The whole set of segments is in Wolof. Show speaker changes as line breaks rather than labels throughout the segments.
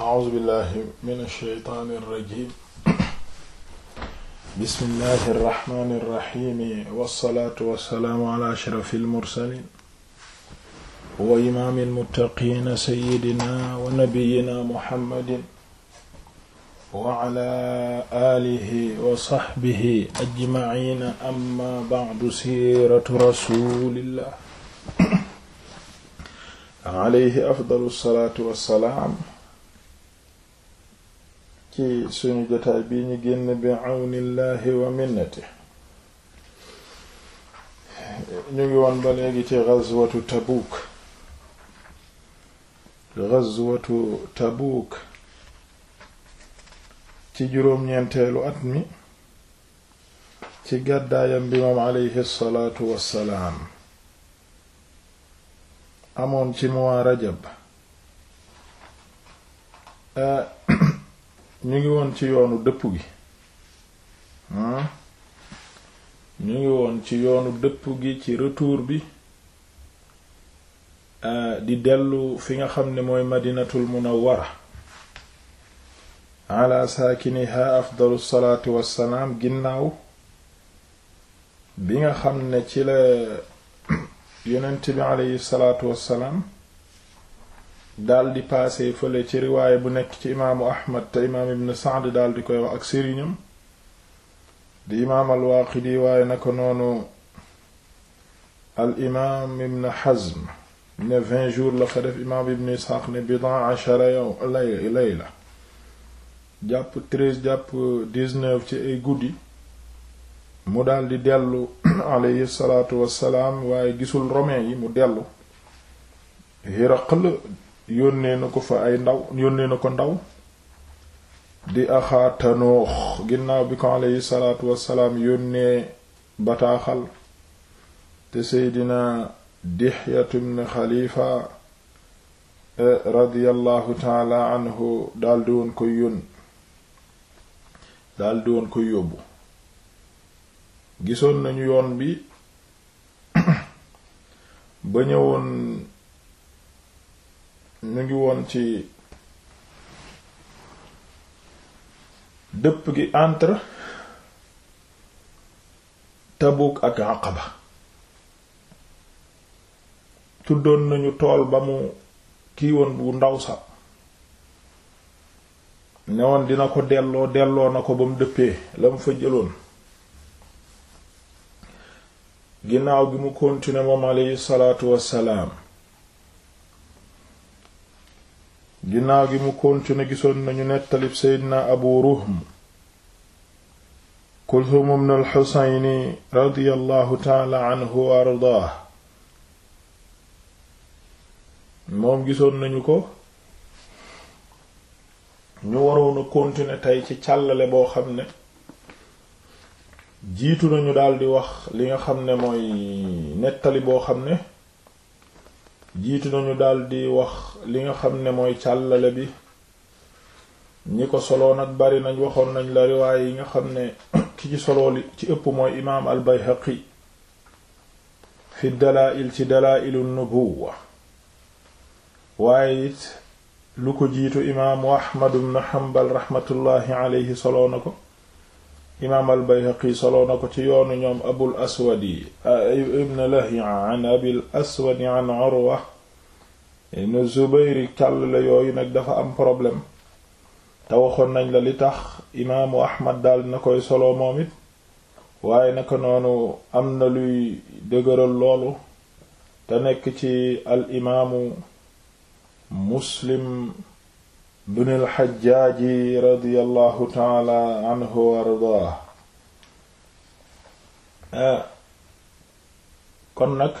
a'uuzu billahi min ash-shaytaani ar-rajiim bismillahi arrahmaani irrahimi wassalaatu wassalaamu ala ashrafi almursaliin wa imaami almuttaqiina sayyidina wa nabiyyina muhammadin wa ala aalihi wa sahbihi ajmaciina amma ba'du siiratu rasuulillah alayhi afdalu salaatu wassalaam ci suñu jotaay bi ñu génn bi àwnillaahi wa minnati ñu ngi won ba léegi ci ghazwatu Tabuuk ghazwatu Tabuuk ci juróom-ñeenteelu at mi ci gàddaayam bi moom aleyhi salaatu wassalaam amoon ci mois Rajab ñu ngi woon ci yoonu dëpp gi ñu ngi woon ci yoonu dëpp gi ci retour bi euh, di dellu fi nga xam ne mooy madinatul munawwara ala saakiniha afdalu salaatu wassalaam ginnaaw bi nga xam ne ci la yonent bi aleyhi salaatu wassalaam daldi paase fële ci riwaaya bu nekk ci imaamu ahmad te imaam ibn Sa'd daldi koy wax ak sëriñam di imaam al-Waaqidi waaye naka noonu al imaam ibn Hazm ne vingt jours la fa def imaam ibn Isxaaq ne bidaa ashara jàpp treize jàpp dix ci ay guddi mu daldi dellu aleyhi salaatu wassalaam waaye gisul romain yi mu dellu Hiraql yónnee na ko fa ay ndaw yónnee na ko ndaw di axaa ginnaaw bi ko aleyhi salaatu wassalaam yónnee bataaxal te seydina dixyatu ibn xalifa eh, radiyallahu taala anhu daldi woon koy yón daldi woon koy yóbbu gisoon nañu yoon bi ba ñëwoon mu ngi woon ci dëpp gi entre Tabuk ak Aqaba tuddoon nañu tool ba mu kii woon bu ndaw sa ne woon dina ko delloo delloo na ko ba mu dëppee la mu fa jëloon ginnaaw gi mu continuer moom aleyhi salaatu wassalaam ginnaaw gi mu kontine gisoon nañu nettalib seydina abu ruhm kulthum ibn al-husayni radiyallahu taala anhu ardaah moom gisoon nañu ko ñu waroon a kontine tey ci càllale boo xam ne jiitu nañu daldi wax li nga xam ne mooy nettali boo xam ne jiitu nañu daldi wax li nga xam ne mooy càllale bi ñi ko soloo nag bari nañ waxoon nañ la riwaay yi nga xam ne ki ci soloo li ci ëpp mooy imaam al bayhaqi fi dalaa'il ci dalaa'ilu nubuwa waaye lu ko jiitu imaamu ahmad ibn hanbal raxmatullaahi aleyhi soloo na ko imaam al-Bayhaqi soloo na ko ci yoonu ñoom abul aswadi ibn Lahi'a an abil aswadi an Urwa ibn Zubayr càll la yooyu nag dafa am problème te waxoon nañ la li tax imaamu Ahmad daal na koy solo moom it waaye naka noonu am na luy dëgëral loolu te nekk ci al imaamu Muslim bn alxajaaji radiallahu taala anhu wa eh, kon nag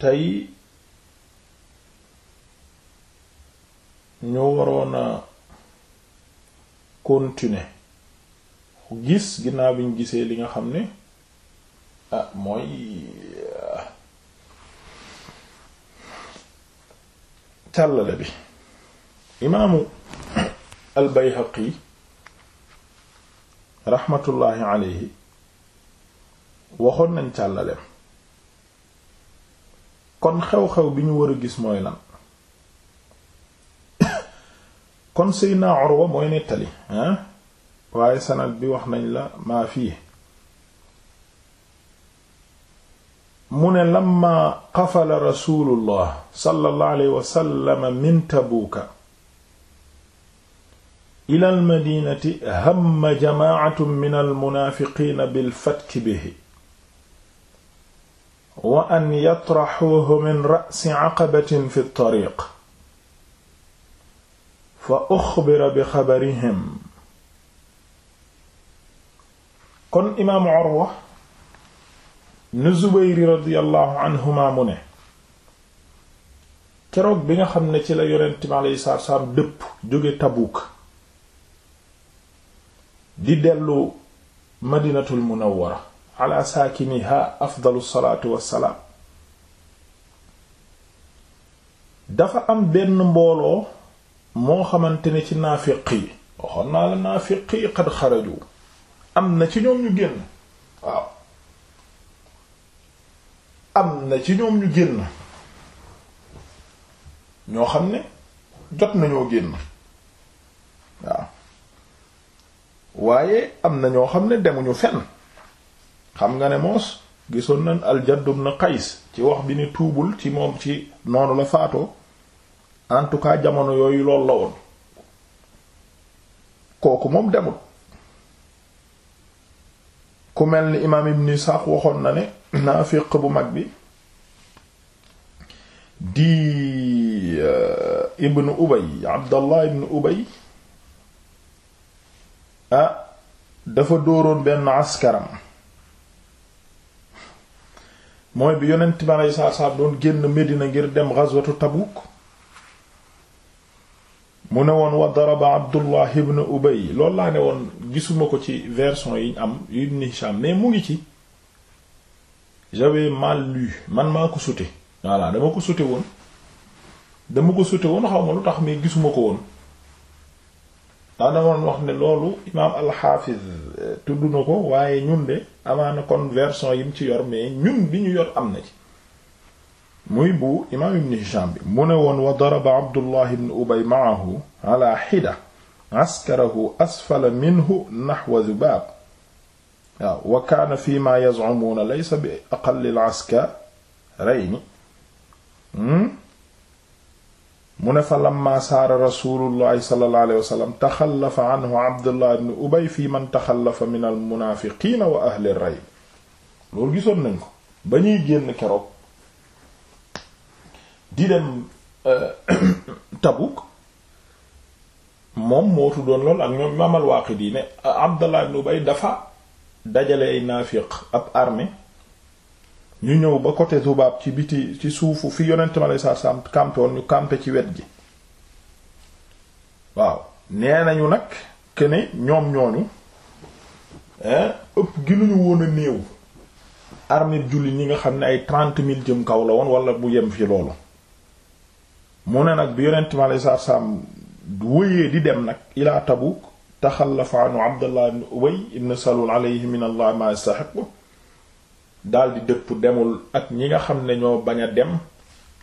tey ñu waroon a continuer gis ginnaaw bi ñu gisee li nga xam ne ah mooy càllale bi imaamu albayhaqi raxmatullaahi alayhi waxoon nañ càllaleem kon xew-xew bi ñu war a gis mooy lan kon Seydina Urwa mooy nettali ah waaye sanad bi wax nañ la maa fii mu ne lamma qafala rasulullah sallallahu alayhi wa sallam min tabuuka ila almadinati hamma jamaacatu min almunaafiqiina bilfatki bihi wa an yatraxuuhu min ra'si caqabatin fi ttariiq fa uxbira bi xabarihim kon imaam Urwa nu zubayri radiallahu anhuma mu ne keroog bi nga xam ne ci la yonent bi aleyhi salaatu dëpp jóge tabuuk di dellu madinatul munawwara ala saakiniha afdalu salaatu wassalaam dafa am benn mbooloo moo xamante ni ci naafiq yi la naafiq qad xaraju am na ci ñoom ñu génn am na ci ñoom ñu génn ñoo xam ne jot nañoo génn waaw waaye am na ñoo xam ne demuñu fenn xam nga ne moos gisoon nañ al-Jadd ibn Qays ci wax bi ni tuubul ci moom ci noonu la faatoo en tout cas jamono yooyu loolu la woon kooku moom demul ku mel ni imaam Ibn Isaaq waxoon na ne naafiq bu mag bi di uh, ibnu ubay abdallah ibnu ubay ah dafa dóoroon benn askaram mooy bi yonent bi aleyhi salaatu salaam doon génn Medina ngir dem ghazwatu Tabuk mu ne woon wa daraba Abdullah ibn Ubay loolu laa ne woon gisuma ko ci version yi am yu Ibn mais mu ngi ci j'avais mal lu man maa ko sauté voilà dama ko sauté woon dama ko sauté woon xaw ma lu tax mais gisuma ko woon daa dama wax ne loolu imaam alxaafiz euh, tudd na ko waaye ñun de amaana kon yi mu ci yor mais ñun bi ñu yor am na ci muy bu imaam ibn Hisham bi mu ne woon wa daraba Abdullah ibn Ubay ma'ahu ala hida askarahu asfala minhu nahwa dhubab waaw wa kaana fi ma yaz'umuna laysa bi aqallil askarayni hmm? mu ne fa lamma saara rasulullahi sallallahu alayhi wa sallam taxallafa anhu abdullah ibn ubay fi man taxallafa min al munaafiqiina wa ahli rayn loolu gisoon nañ ko ba ñuy génn keroog di dem euh, Tabuk moom mootu doon lool ak ñoom imaam al Waaqidi ne abdullah ibn ubay dafa dajale ay naafiq ab armée ñu ñëw ba côté Zubaab ci biti ci suufu fi yonent ma lay sarsam kamtoon ñu kampe ci wet gi waaw nee nañu nag que ne ñoom ñooñu ëpp gi lu ñu woon a néew armée julli ñi nga xam ne ay trente mille jëm kaw la woon walla bu yem fi loolu mu ne nag bi yonent ma lay sarsam wëyee di dem nag ilaa Tabuk taxallafa anhu abdullah ibn ubay ibn salul alayhi min allah ma yastaxiqu daldi dëpp demul ak ñi nga xam ne ñoo bañ a dem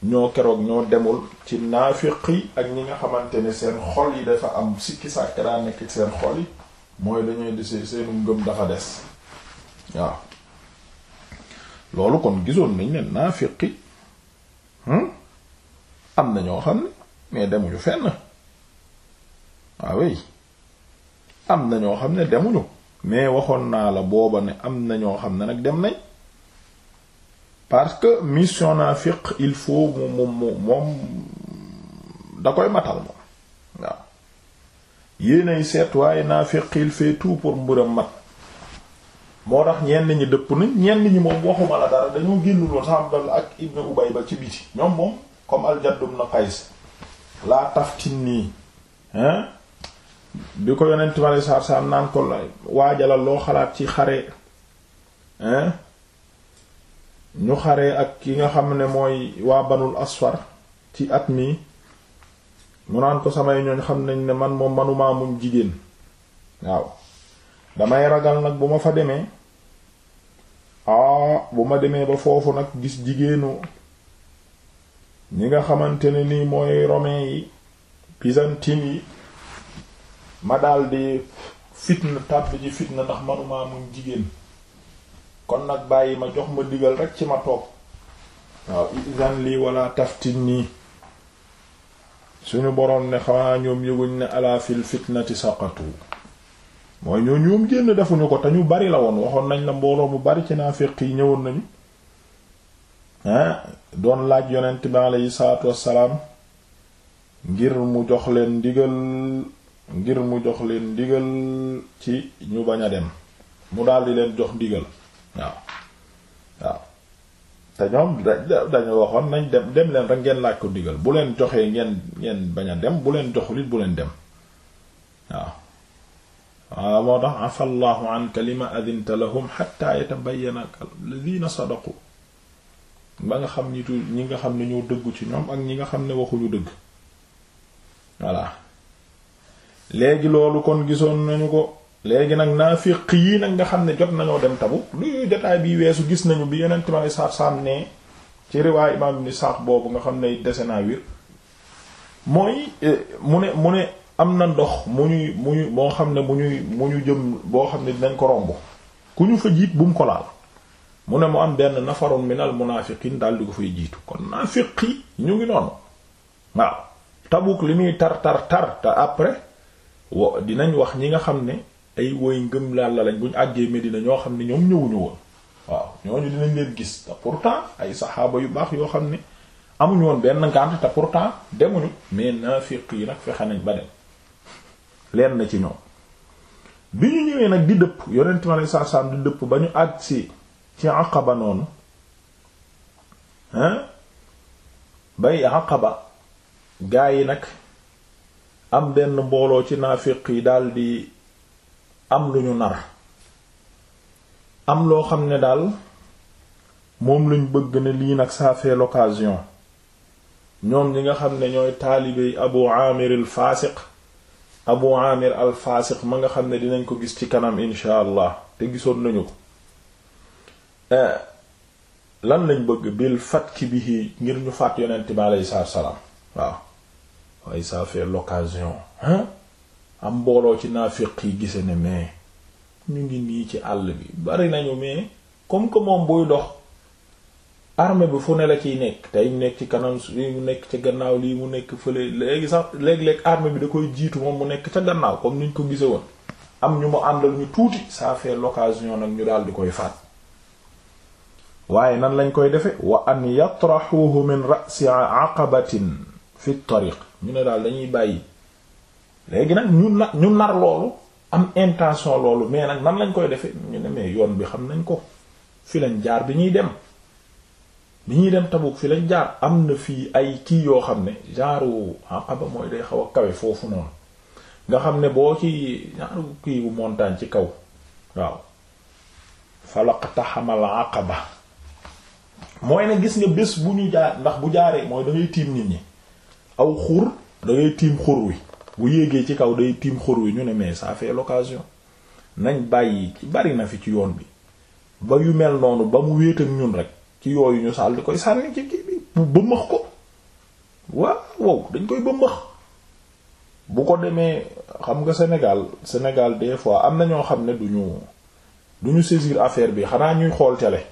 ñoo keroog ñoo demul ci naafiqi ak ñi nga xamante ne seen xol yi dafa am sikki sàkk daa nekk seen xol yi mooy dañuy dese seenu ngëm dafa des waaw loolu kon gisoon nañ ne naafiqi hmm? am na ñoo xam ne mais demuñu fenn waaw am na ñoo xam ne demuñu mais waxoon naa la booba ne am na ñoo xam ne nag dem nañ parce que mission naa fiq il faut mu mu moom da koy matal moom waaw yéenay seet waaye naa fiq il fait tout pour mburam mat moo tax ñenn ñi dëpp nañ ñenn ñi moom waxuma la dara dañoo génn lool sax Abdallah ak Ibn Ubay ba ci biti ñoom moom comme al-Jadd ibn Qays laa taftin nii hein bi ko yonent ma lay saar saar naan ko la loo xalaat ci xare hein ñu xare ak ki nga xam ne mooy waa banul asfar ci at mi mu naan ko samay ñooñ xam nañ ne man moom manuma muñ jigéen waaw damay ragal nag bu ma fa demee aa ah, bu ma demee ba foofu nag gis jigéenu ñi nga xamante ne nii mooy romain yi byzantine yi ma daldi fitna tàbb ji fitna ndax manuma muñ jigéen kon nag bàyyi ma jox ma digal rek ci ma toog waaw izan lii wala nii suñu boroom ne xanaa ñoom yëguñ ne ala fil fitnati saqatu mooy ñoo ñoom génn defuñu ko te ñu bari la woon waxoon nañ la mbooloo mu bari ci naaféq yi ñëwoon nañu doon laaj yonent bi aleyhi salaatu wassalaam ngir mu jox leen ndigal ngir mu jox leen ndigal ci ñu bañ a dem mu daldi leen jox ndigal waaw waaw te ñoom dañu waxoon nañ dem dem leen rek ngeen laaj ko ndigal bu leen joxee ngeen ngeen bañ a dem bu leen joxul it bu leen dem waaw waaw moo tax afa llahu anka lima adinta lahum xatta yatabayyana alladhina sadaqu ba nga xam nitu ñi nga xam ne ñoo dëggu ci ñoom ak ñi nga xam ne waxuñu dëgg voilà léegi loolu kon gisoon nañu ko léegi nag naa naafiq yi nag nga xam ne jot nañoo dem tabu lu jotaay bi weesu gis nañu bi yeneen ma saab-saam ne ci riwaay imaam ibn Isaaq boobu nga xam ne dese naa wir mooy eh, mu ne mu ne am na ndox mu ñuy mu ñu moo xam ne mu ñuy mu ñu jëm boo xam ne dinañ ko romb ku ñu fa jiit bu mu ko laal mu ne mu am benn nafarun minal munaafiqiin daal di ko fay jiitu kon naa yi ñu ngi noonu waaw tabuk li muy tar tar tar après wo dinañ wax ñi nga xam ne ay woy ngëm lalla lañ buñ àggee Medina ñoo xam ne ñoom ñëwuñu woon waaw ñoo ñooñu dinañ leen gis te pourtant ay saxaaba yu baax yoo xam ne amuñu woon benn ngànt te pourtant demuñu mais naafiq yi nag fexe nañ ba dem leen na ci ñoom bi ñu ñëwee nag di dëpp yonent ma lay saasaan di dëpp ba ñu àgg si ci Aqaba noonu hein bay Aqaba gaa yi nag am benn mbooloo ci naafiq yi daldi am lu ñu nar am loo xam ne daal moom luñ bëgg ne lii nag ça fait ñoom ñi nga xam ne ñooy taalibey abu amir al faasiq abu amir al faasiq ma nga xam ne dinañ ko gis ci kanam insha te gisoon nañu ko eh, lan lañ bëgg bil fatki bihi ngir ñu faat yonent bi aleyhi salaam waaw waaye ça fait am mbooloo ci naafiq yi gise ne mais ñu ngi nii ci àll bi bari nañu mais comme que moom buy dox armée bi fu ne la ciy nekk tey mu nekk ci kanam lii mu nekk ci gannaaw lii mu nekk fële léegi sax léeg-léeg armée bi da koy jiitu moom mu nekk ca gannaaw comme niñ ko gise woon am ñu mu àndal ñu tuuti ça fait l'occasion nag ñu daal di koy faat waaye nan lañ koy defe wa an yatraxuhu min ra'si aqabatin fi tariq ñu ne daal dañuy bàyyi léegi nag ñu na ñu nar loolu am intention loolu mais nag nan lañ koy defee ñu ne mais yoon bi xam nañ ko fi lañ jaar bi ñuy dem bi ñuy dem Tabuk fi lañ jaar am na fii ay kii yoo xam ne genre aba ah, mooy day xaw a kawe foofu noonu nga xam ne boo ci genre kii bu montagne ci kaw waaw falaqtahamal aqaba mooy ne gis nga bés bu ñu jaar ndax bu jaaree mooy da tiim nit ñi aw xur da tiim xur wi bu yéegee ci kaw day tiim xur wi ñu ne mais ça fait l'occasion nañ bàyyi ci bari na fi ci yoon bi ba yu mel noonu ba mu wéet ñun rek ci yooyu ñu sàll di koy sànni ci kii bi bu bëmmax ko waaw wow dañ koy bëmmax bu ko demee xam nga Sénégal Sénégal des fois am na ñoo xam ne duñu duñu saisir affaire bi xanaa ñuy xool cale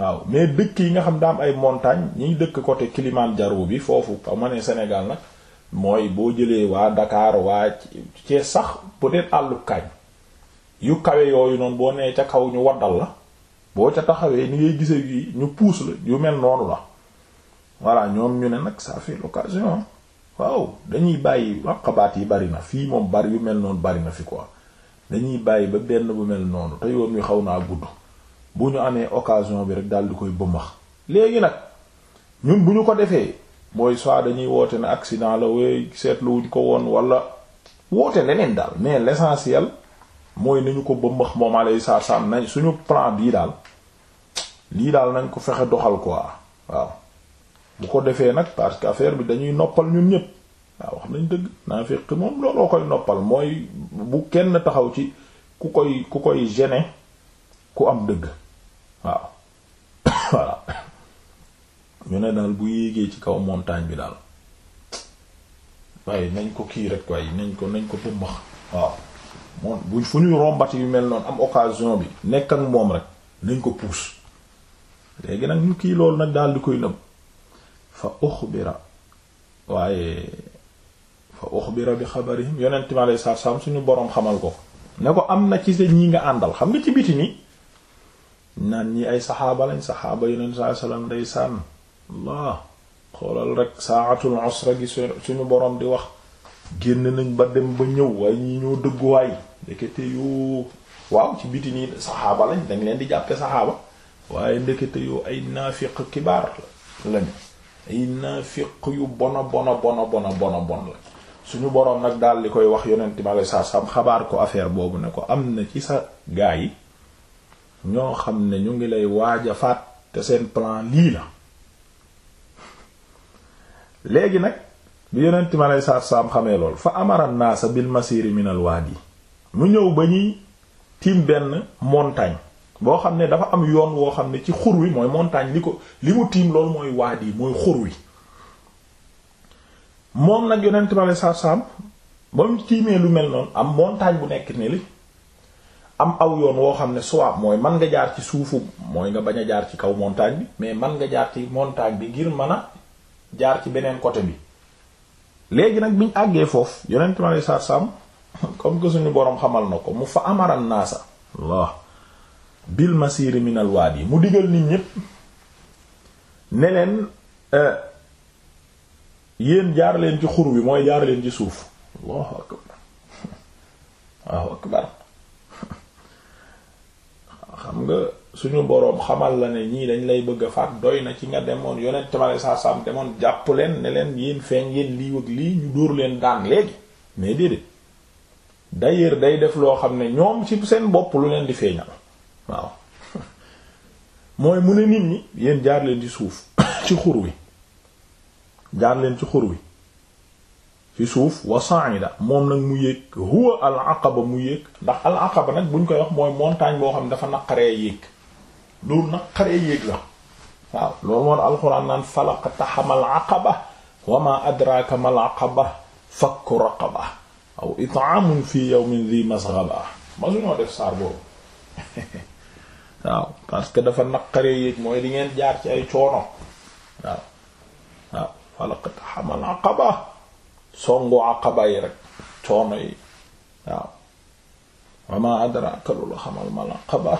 waaw mais dëkk yi nga xam daa am ay montagne ñi dëkk côté Kilimanjaro bi foofu xaw ma ne Sénégal nag mooy boo jëlee waa Dakar waa cee sax peut-être àllu kañ yu kawe yooyu noonu boo nee ca kaw ñu waddal la boo ca taxawee ni ngay gisee yi ñu puus la yu mel noonu la voilà ñoom ñu ne nag ça fait l'occasion waaw dañuy bàyyi waqabaat yi bari na fii moom bari yu mel noonu bari na fi quoi dañuy bàyyi ba benn bu mel noonu te yoon wi xaw naa gudd bu ñu amee occasion bi rek daal di koy bëmbax léegi nag ñun bu ñu ko defee mooy soit dañuy woote ne accident la wooy seetluwuñ ko woon wala woote leneen daal mais l'essentiel mooy nañu ko bëmbax moom alay saa saam nañ suñu plan bii daal lii daal nañ ko fexe doxal quoi waaw bu ko defee nag parce que affaire bi dañuy noppal ñun ñëpp waaw wax nañ dëgg naa fekk moom looloo koy noppal mooy bu kenn taxaw ci ku koy ku koy gêner ku am dëgg waaw voilà ñu ne daal bu yéegee ci kaw montagne bi daal waaye nañ ko kii rek waaye nañ ko nañ ko bëmbax waaw moom bu fu ñuy rombati yu mel noonu am occasion bi nekk ak moom rek nañ ko puus léegi nag ñu kii loolu nag daal di koy nëb fa uxbira waaye fa uxbira bi xabarihim yonent mi alayhi salaam suñu boroom xamal ko ne ko am na ci sa ñi nga àndal xam nga ci biti nii naan ñi ay saxaaba lañ saxaaba yonent saai sallam day sànn allah xoolal rek saatul usra gi suñu borom di wax génn nañ ba dem ba ñëw waaye ñi ñoo dëgguwaay ndekete yoo waaw ci biti nii saxaaba lañ dañ leen di jàppe saxaaba waaye ndekete yoo ay naafiq kibaar lañu ay naafiq yu bona bona bona bona bona bon la suñu boroom nag daal di koy wax yonent ma lay saa sam xabaar ko affaire boobu ne ko am na ci sa gaa yi ñoo xam ne ñu ngi lay waaja faat te seen plan lii la léegi nag bi yonent ma lay saat saam xamee lool fa amara naasa bil masiri minal waa waadi mu ñëw ba ñuy tiim benn montagne boo xam ne dafa am yoon woo xam ne ci xur wi mooy montagne li ko li mu tiim loolu mooy waadi mooy xur wi moom nag yonent ma lay saat saam ba mu tiimee lu mel noonu am montagne bu nekk ne li am aw yoon woo xam ne soit mooy man nga jaar ci suufu mooy nga bañ a jaar ci kaw montagne bi mais man nga jaar ci montagne bi ngir man a jaar ci beneen côté bi léegi nag biñ àggee foofu yonent mi alei satu salaam comme que suñu boroom xamal na ko mu fa amaran naasa Allah bil masiri minal waadi mu digal nit ñépp ne leen eh, yéen jaar leen ci xur bi mooy jaar leen ci suuf Allahu akbar Allahu nga suñu boroom xamal la ne ñii dañ lay bëgg a faat doy na ci nga demoon yonent ma saa saam demoon jàpp leen ne leen yéen feeñ yéen lii wëg lii ñu dóor leen daan léegi mais déedéet d'ailleurs day def loo xam ne ñoom ci seen bopp lu leen di feeñal waaw mooy mu ne nit ñi yéen jaar leen ci suuf ci xur wi jaar leen ci xur wi ci suuf wa sa'ida moom nag mu yéeg huwa al aqaba mu yéeg ndax al aqaba nag buñ koy wax mooy montagne boo xam ne dafa naqaree yéeg lu naqaree yéeg la waaw loolu moon alxuraan naan falaqtahamal aqaba wa ma adraka mal aqaba fi yawmin dhi masghaba masuñoo def saar boobu waaw parce mooy di ngeen jaar ci ay coono waaw waaw falaqtahamal aqaba songu aqaba yi rek coono yi waaw wama adraka lu xamal ma la aqaba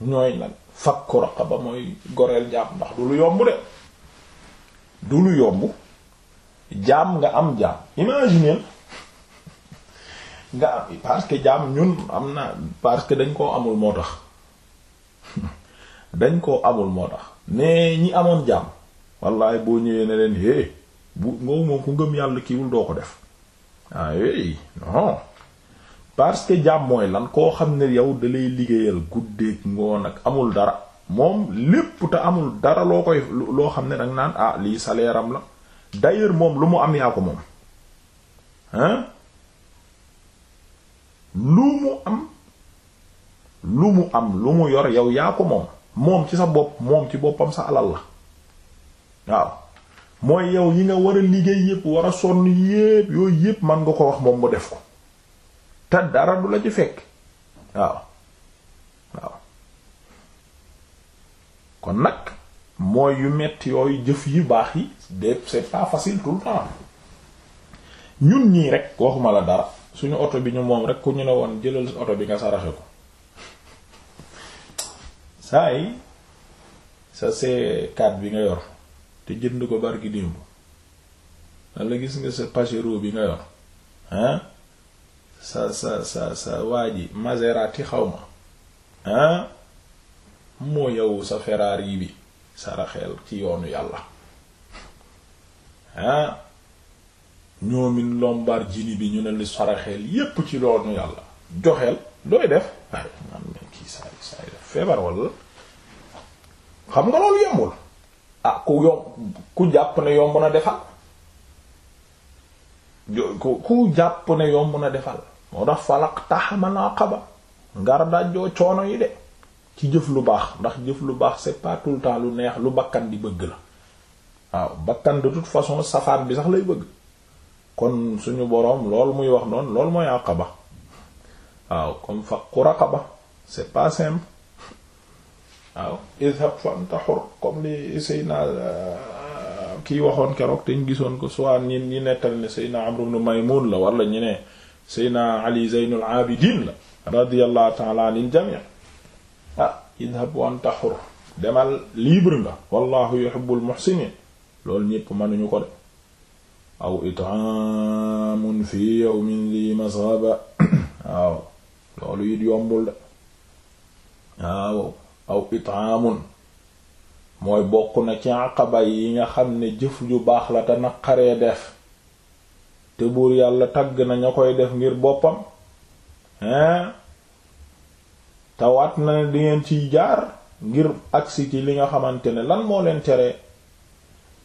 ñooy lan fakku raqaba mooy goreel jaam ndax du lu yomb de du lu yomb jaam nga am jaam imagine nga am parce que jaam ñun am na parce que dañ koo amul moo tax dañ koo amul moo tax mais ñi amoon jaam wallaay boo ñëwee ne leen é bu ngoogu moom ku ngëm yàlla kiiwul doo ko def ah oui non parce que jàmm mooy lan koo xam ne yow dalay liggéeyal guddeeg ngoon ak amul dara moom lépp te amul dara loo koy loo xam ne danga naan ah lii salaire am la d'ailleurs moom lu mu am yaa ko moom hein lu mu am lu mu am lu mu yor yow yaa ko moom moom ci sa bopp moom ci boppam sa alal la waaw mooy yow yi nga war a liggéey yépp war a sonn yépp yooyu yépp man nga ko wax moom mu def ko te dara du la ci fekk waaw waaw kon nag mooy yu metti yooyu jëf yi baax yi de c'est pas facile tout le ñun ñii rek waxuma la dara suñu oto bi ñu moom rek ku ñu ne woon jëlal oto bi nga saraxe ko saa yi sa C4 bi nga yor te jënd ko barki démb walla gis nga sa pajero bi nga yor ah sa sa sa sa waa ji Maserati xaw ma ah moo yow sa Ferrari bi saraxeel ci yoonu yàlla ah ñoomin Lamborghini bi ñu ne li saraxeel yépp ci yoonu yàlla joxeel looy def feebar walla xam nga loolu yemul ah ku yomb ku jàpp ne yomb na defal ku jàpp ne yomb na defal moo tax falak taxamal aqaba ngar dajjoo coono yi de ci jëf lu baax ndax jëf lu baax c'est pas tout temps lu neex lu bakkan di bëgg la waaw bakkan de toute façon safaan bi sax lay bëgg kon suñu boroom lool muy wax noonu lool mooy aqaba waaw comme fa ku raqaba c'est pas simple aw izhab fa anta hur li Seydina euh, kii waxoon keroog te ñu gisoon ko soit ñi ñi nettal ne Seydina Amr ibn Maymun la wala ñu ne Seydina Ali Zaynul Abidin la radiyallahu ta'ala anil jami' ah izhab wa anta hur demal libre nga wallahu yuhibbul muhsinin loolu ñépp mënuñu ko de aw it'amun fi yawmin dhi masghaba waaw loolu it yombul de waaw aw itaamun mooy bokk na ci àqaba yi nga xam ne jëf ju baax la te naqaree def te buur yàlla tagg na ña koy def ngir boppam hein tawaat na ne ngeen ciy jaar ngir agsi ci li nga xamante ne lan moo leen tere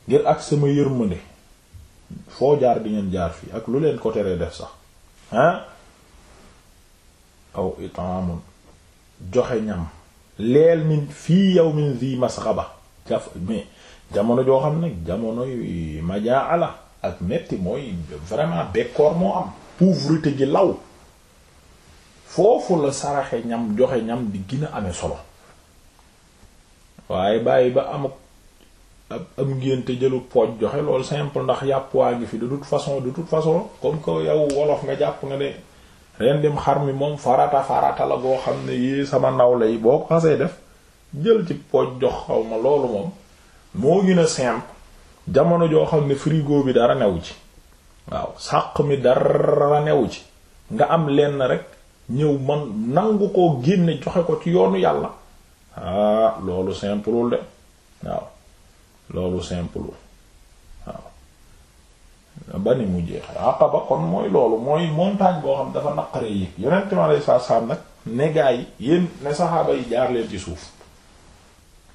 ngir ak sama yërmande foo jaar di ngeen jaar fii ak lu leen ko teree def sax hein aw itaamun joxe ñam leel min fii yawmin zi masxaba jaf mais jamono joo xam ne jamono yu majaa ala ak metti mooy vraiment bekkoor moo am pauvreté gi law foofu la saraxe ñam joxe ñam di gën a amee solo waaye bàyyi ba am ab am ngénte jëlu pooj joxe loolu simple ndax yàpp waa ngi fi de toute façon de toute façon comme que yow wolof nga jàpp nga ne rendim xar mi moom farata farata la boo xam ne yii sama nawle yi boo ko xasee def jël ci pooj jox xaw ma loolu moom moo gën a simple jamono joo xam ne frigo bi dara newu ci waaw sàq mi dara newu ci nga am lenn rek ñëw man nangu koo génne joxe ko ci yoonu yàlla ah loolu simple de waaw loolu simple ba ni mu jeexee Aqaba kon mooy loolu mooy montagne boo xam dafa naqare yi yonent mi alayhi salaatu salaam nag ne gaa yi yéen ne saxaaba yi jaar leen ci suuf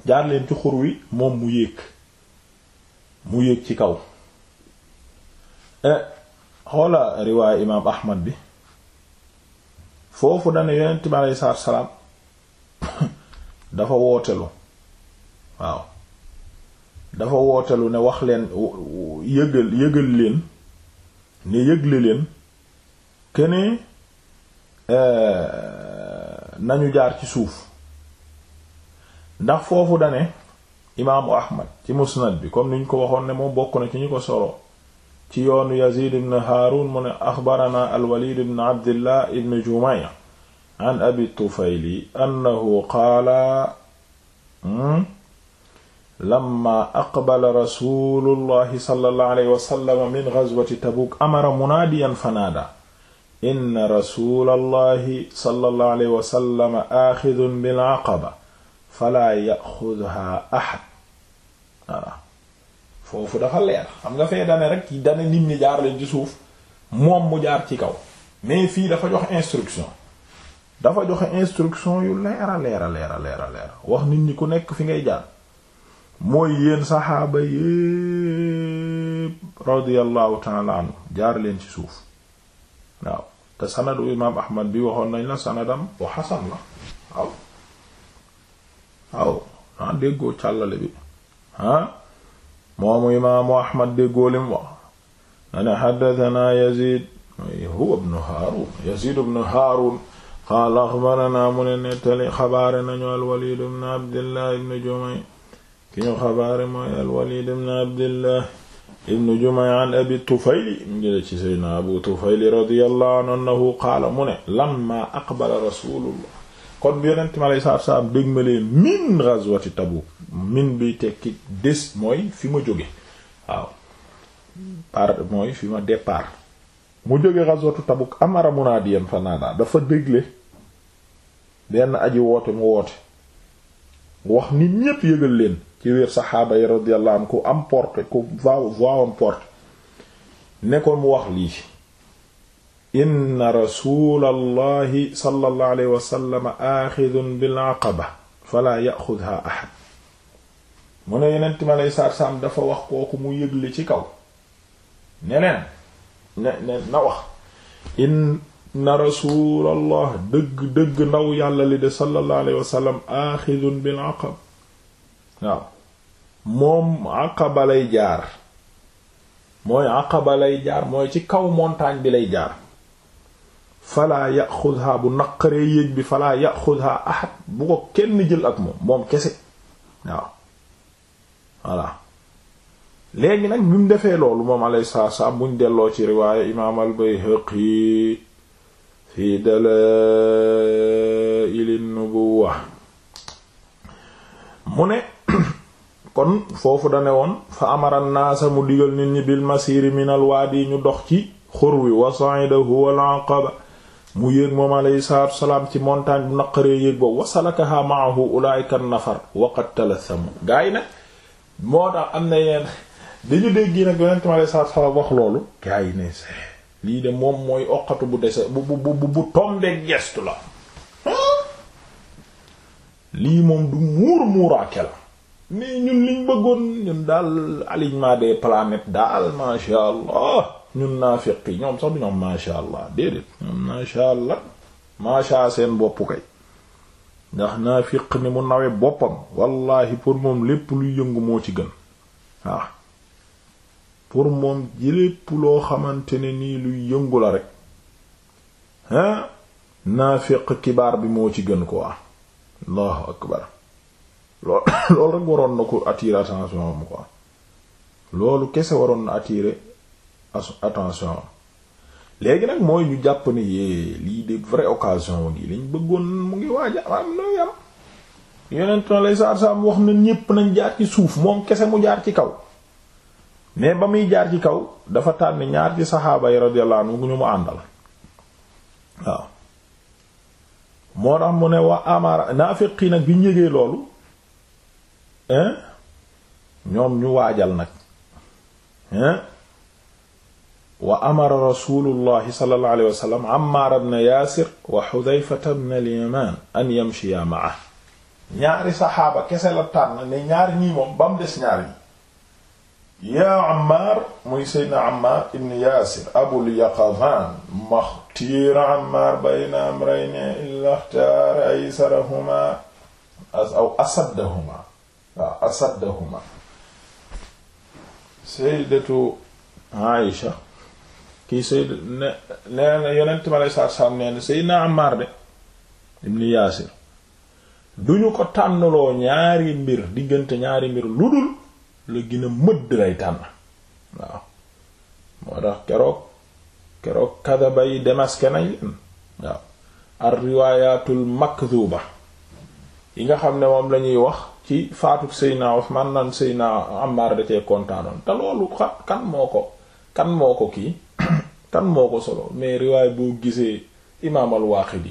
jaar leen ci xur wi moom mu yéeg mu yéeg ci kaw eh, xoola riwaay imaam Ahmad bi foofu dana yonent mi alayhi salaatu salaam dafa wootelu waaw dafa wootelu ne wax leen yëgal yëgal leen ne yëgle leen kene euh, nañu jaar ci suuf ndax foofu dane imaamu ahmad ci musnad bi comme niñ ko waxoon ne moom bokk na ci ñu ko solo ci yoon yazid ibn haarun mu ne axbarana alwalid ibn abdillah ibn jumay an abi tufayli annahu qaala hmm? lamma aqbala rasulullahi sallallahu alayhi wasallam min ghazwati tabuk amara munaadiyan fanaada inna rasulallahi sallallahu alayhi wasallam aaxidun bil aqaba falaa yaxudhaa ahad voilà foofu dafa leer xam nga fee dane rek dane nit ñi jaar leen ci suuf moom mu jaar ci kaw mais fii dafa jox instruction dafa jox instruction yu leer leer a leer wax nit ñi ku nekk fi ngay jaar mooy yéen saxaaba yépp radiyallahu taala anhu jaar leen ci suuf waaw te sanadu imaam ahmad bi waxoon nañ la sanadam wa xasan la waaw waaw ah déggoo càllale bi ah moomu imaamu ahmad déggoo lim wax ana xaddatana yazid huwa ibnu haarun yazid ibnu haarun qaala axbarana mu ne nettali xabaare nañu alwalid ibnu abdillah ibnu jumay suñu xabaare mooy alwalid ibn abdillah ibnu jumaa an abi tufayli mu jële ci seydna abu tufayli radiyallahu anhu annahu qaala mu ne lamma aqbala rasulullah kon bi yonent mi aleyhi dégmalee min ghazwati Tabuk min bi tekki des mooy fi ma jóge waaw par mooy fi ma départ mu jóge ghazwatu Tabuk amara munaadiyan fa naadaa dafa dégle benn aji woote mu woote wax nit ñépp yëgal leen ci biir saxaaba yi radiyallahu anhu ku am porte ku voix am porte ne ko mu wax lii inna rasulallahi sallallahu alayhi wasallam axidun bil aqaba fala yaxudha ahad mu ne yeneent mi aleyi saatu salaam dafa wax kooku mu yëgle ci kaw ne leen ne ne na wax inna rasulallah dëgg dëgg ndaw yàlla li de sallallahu alayhi wasallam axidun bil aqaba waaw moom Aqaba lay jaar mooy Aqaba lay jaar mooy ci kaw montagne bi lay jaar falaa yaxudha bu naqaree yéeg bi falaa yaxudha ahad bu ko kenn jël ak moom moom kese waaw voilà léegi nag bi mu defee loolu moom alayhi salaatu salaam buñ delloo ci riwaaya imaam al-Bayhaqi fi dalaa'il an-nubuwwa mu ne kon foofu dane woon fa amara naasa mu digal nit ñi bil masiri minal waadi ñu dox ci xur wi wa sa'ida huwa al-aqaba mu yéeg moom alayhi salaatu wasalaam ci montagne bu naqaree yéeg boobu wasalakaha maahu ulaika nafar waqad talathamu gaa yi moo tax am na yeneen dañu dégg nag wax loolu gaa yi ne lii de moom mooy oqatu bu dese bu bu bu bu gestu la lii moom du muur muuraake la mais ñun liñ bëggoon ñun daal alignement des planètes daal masha allah ñun naafiq yi ñoom sax du ñoom masha allah déedéet ñoom masha allah masha seen bopp kay ndax naafiq ni mu nawe boppam wallahi pour moom lépp luy yëngu moo ci gën waaw pour moom lépp loo xamante ne nii luy yëngu la rek hein naafiq kibaar bi moo ci gën ko waa allahu akbar lool loolu rek waroon na ko attirer attention am quoi loolu kese waroon na attirer attention am léegi nag mooy ñu jàpp ni yee lii de vraie occasion gi liñ bëggoon mu ngi waaja am na yam yonent na lay saar saam wax na ñépp nañ jaar ci suuf moom kese mu jaar ci kaw mais ba muy jaar ci kaw dafa tànn ñaar ci saxaaba yi radiyallahu anhu ñu mu àndal waaw moo tax mu ne waa amaara naafiqi nag bi ñu yëgee loolu ñoom ñu waajal nag wa amara rasulullahi sallallahu alayhi wa sallam Ammaar ibn Yaasir wa Xudayfata ibn al-Yamaan an yamshiya ma'a ñaari saxaaba kese la tànn ne ñaari ñii moom ba mu des ñaari ñi yaa Ammaar muy Seydina Ammaar ibn Yaasir Abul Yaqazaan maxtiir Ammaar bayna amrayni illa ixtaara aysarahumaa aw asaddahumaa waaw ah, asaddahuma sayyidatu Aïsha kii sayd ne neen saar-saam neen sayyidina Ammar de ibn Yaasir duñu ko tànnloo ñaari mbir diggante ñaari mbir lu dul la gën mëdd lay tànn waaw moo tax keroog keroog kadaba yi démasqué nañ leen waaw ar riwaayatul makdhuba yi nga xam ne moom lañuy wax ci faatuk Seyna Usmaan naan Seyna da cee kontaanoon te loolu kan moo ko kan moo ko kii kan moo ko solo mais riwaay boo gisee imaam al-Waaqidi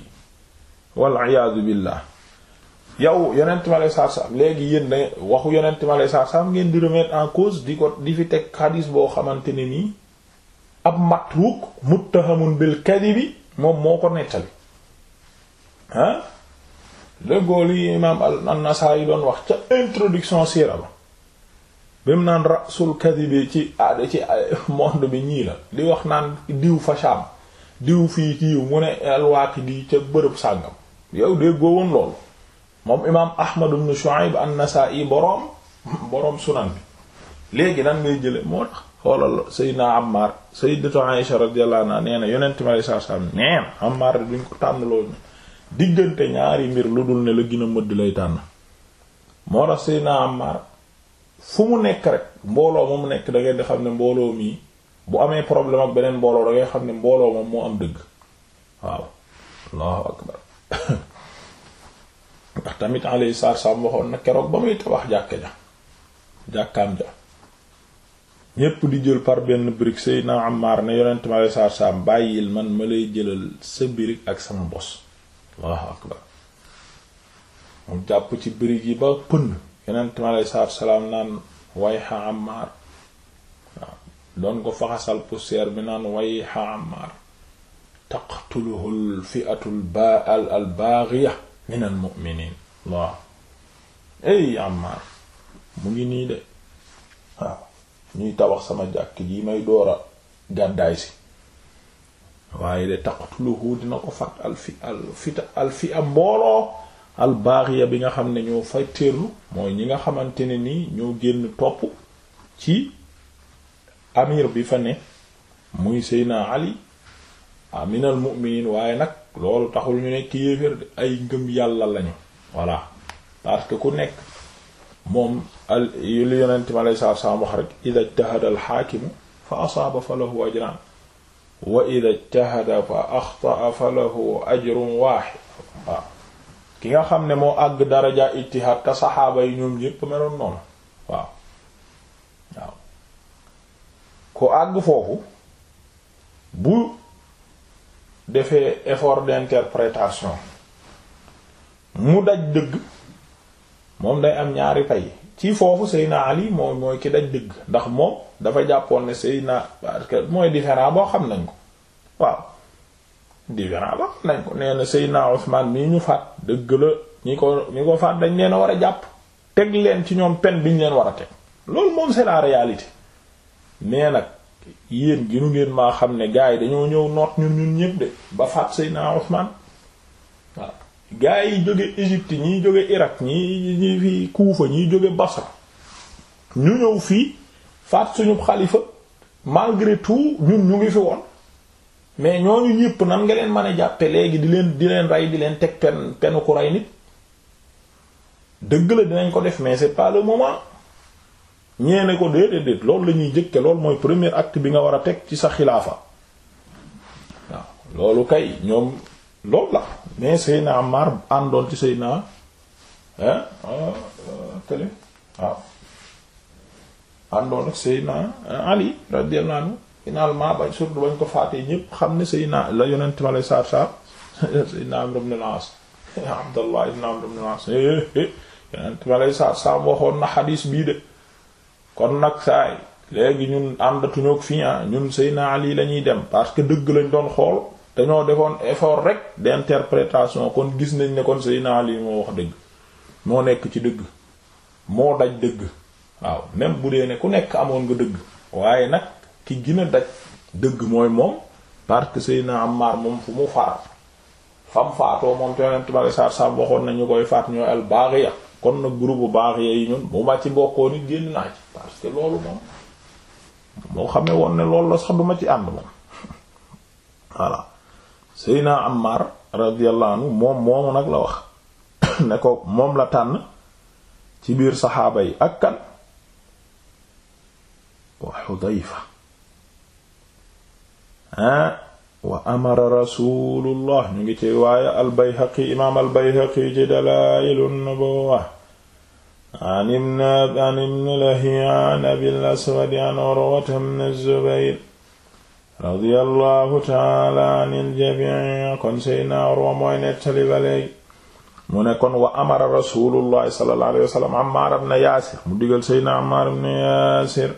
wal iyaadu billah yow yonent mi aleyhi salaatu salaam léegi yéen waxu yonent mi aleyhi salaatu salaam ngeen di remettre en cause di ko di fi teg xadiis boo xamante ne nii ab matruuk muttahamun bil kadibi moom moo ko nettali ah lëgoo li imaam an-Nasaa'i doon wax ca introduction siira ba bi mu naan rasul kadhibi ci aada ah, ci ah, monde bi ñii la di wax naan diw fa Sham diw fii kiiw mu ne al-Waaqidi ca bërëb sàngam yow déggoo woon loolu moom imaam Ahmad ibn Shu'ayb an-Nasaa'i boroom boroom sunan bi léegi nan ngay jële moo tax xoolal Seydina Ammaar Sayyidatu Aïsha radiyallahu anha nee na yonent mi sallallahu alayhi wasallam nee na Ammaar duñ ko tànnaloo diggante ñaari mbir lu dul ne la gën a mëdd lay tànn moo tax Seydina Ammar fu mu nekk rek mbooloo mu nekk da ngeen di xam ne mbooloo mii bu amee problème ak beneen mbooloo da xam ne mbooloo moom moo am dëgg waaw allahu akbar ndax tamit alayhi salaam waxoon na keroog ba muy tabax jàkka jàkkaam ja ñépp di jël par benn brique Seydina Ammar ne yonent mi alayhi bàyyil man ma lay jëlal sa brique ak sama bos Allahu akbar mu jàpp ci birig yi ba pënn yeneen mi alei salaam naan wayxa Ammaar waaw doon ko faxasal poussière bi naan wayxa Ammaar taqtuluhu lfiatu al baaxiya min al mu'miniin waaw ey mu ngi nii de ñuy tabax sama jàkk ji may doora gàddaay si waaye de taqtuluhu dina ko faat al fi al fita al fi am mbooloo al baghiya bi nga xam ne ñoo fay teerlu mooy ñi nga xamante ne nii ñoo génn topp ci amir bi fa ne muy Seyna Ali aminal ah, mu'minin waaye nag loolu taxul ñu nekk yéeféer ay ngëm yàlla lañu voilà parce que ku nekk moom al li yonente mi alei saatu salaam wax rek ida ijtahada al fa asaaba fa lahu ajran wa ida jtahada fa axtaa fa lahu ajrun waaxid ah. ki nga xam ne moo àgg daraja ijtihaad te saxaaba yi ñoom yépp meloon noonu waaw waaw ku àgg foofu bu defee effort d'interprétation mu daj dëgg moom day am ñaari pay ci foofu Seyna Ali moom mooy ki dañ dëgg ndax moom dafa jàppoon ne Seyna parce que mooy différent boo xam nañ ko waaw différent boo xam nañ ko nee na Seyna Ousmane mii ñu faat dëgg la ñu ko ñi ko faat dañ leen a war a jàpp teg leen ci ñoom pen bi ñu leen war a teg loolu moom c'est la réalité mais nag yéen ginu ngeen maa xam ne gars yi dañoo ñëw noot ñun ñun ñëpp de ba faat Seyna Ousmane gaa yi jóge Égypte ñii jóge Irak ñi ñi fi Kuufa ñii jóge Basra ñu ñëw fii faat suñu xalifa malgré tout ñun ñu ngi fi woon mais ñooñu ñépp nan nga leen mën a jàppe léegi di leen di leen rey di leen teg pen pen ku rey nit dëgg la dinañ ko def mais c'est pas le moment ñee ne ko déedéet déet loolu la ñuy jëkke lool mooy premier acte bi nga war a teg ci sa xilaafa waaw loolu kay ñoom loolu la mais Seydina Ammar àndoon ci Seydina ah kële Ali radiyallahu anhu bañ surtout bañ ko faatee ñépp xam ne Seydina la yonent ma lay saar saar Seydina Amr ibn ma lay saar saar waxoon na xadiis bii de kon nag saay léegi ñun àndatuñu ak fii ah, ñun Seydina Ali lañuy dem parce que dëgg lañ doon xool dañoo defoon effort rek d'interprétation kon gis nañ ne kon naa Ali moo wax dëgg moo nekk ci dëgg moo daj dëgg waaw même bu dee ne ku nekk amoon nga dëgg waaye nag ki gën a daj dëgg mooy moom parce que Seydina Ammar moom fu mu faat fam faatoo moom te yonent bale saar saar waxoon nañu koy faat ñooy al ya kon nag groupe baghiya yi ñun bu ma ci bokkoo nit génn naa ci parce que loolu moom moo xamee woon ne loolu la sax duma ci ànd moom voilà Seyna Ammar radiyallahu anhu moom moomu nag la wax ne ko moom la tànn ci biir saxaaba yi ak kan wa Xudayfa ah wa amara rasulullah ñu ngi ci waaye albayhaqi imaam albayhaqi ci dalaa'ilu nubuwwa an ibn an ibn lahi an abil aswad an urwata ibn zubayr radiyallahu taala anil jamii kon Seydina Urwa mooy nettali ba léegi mu ne kon wa amara rasulullahi sallallahu alayhi wa sallam Ammaar ibn Yaasir mu digal Seydina Ammaar ibn Yaasir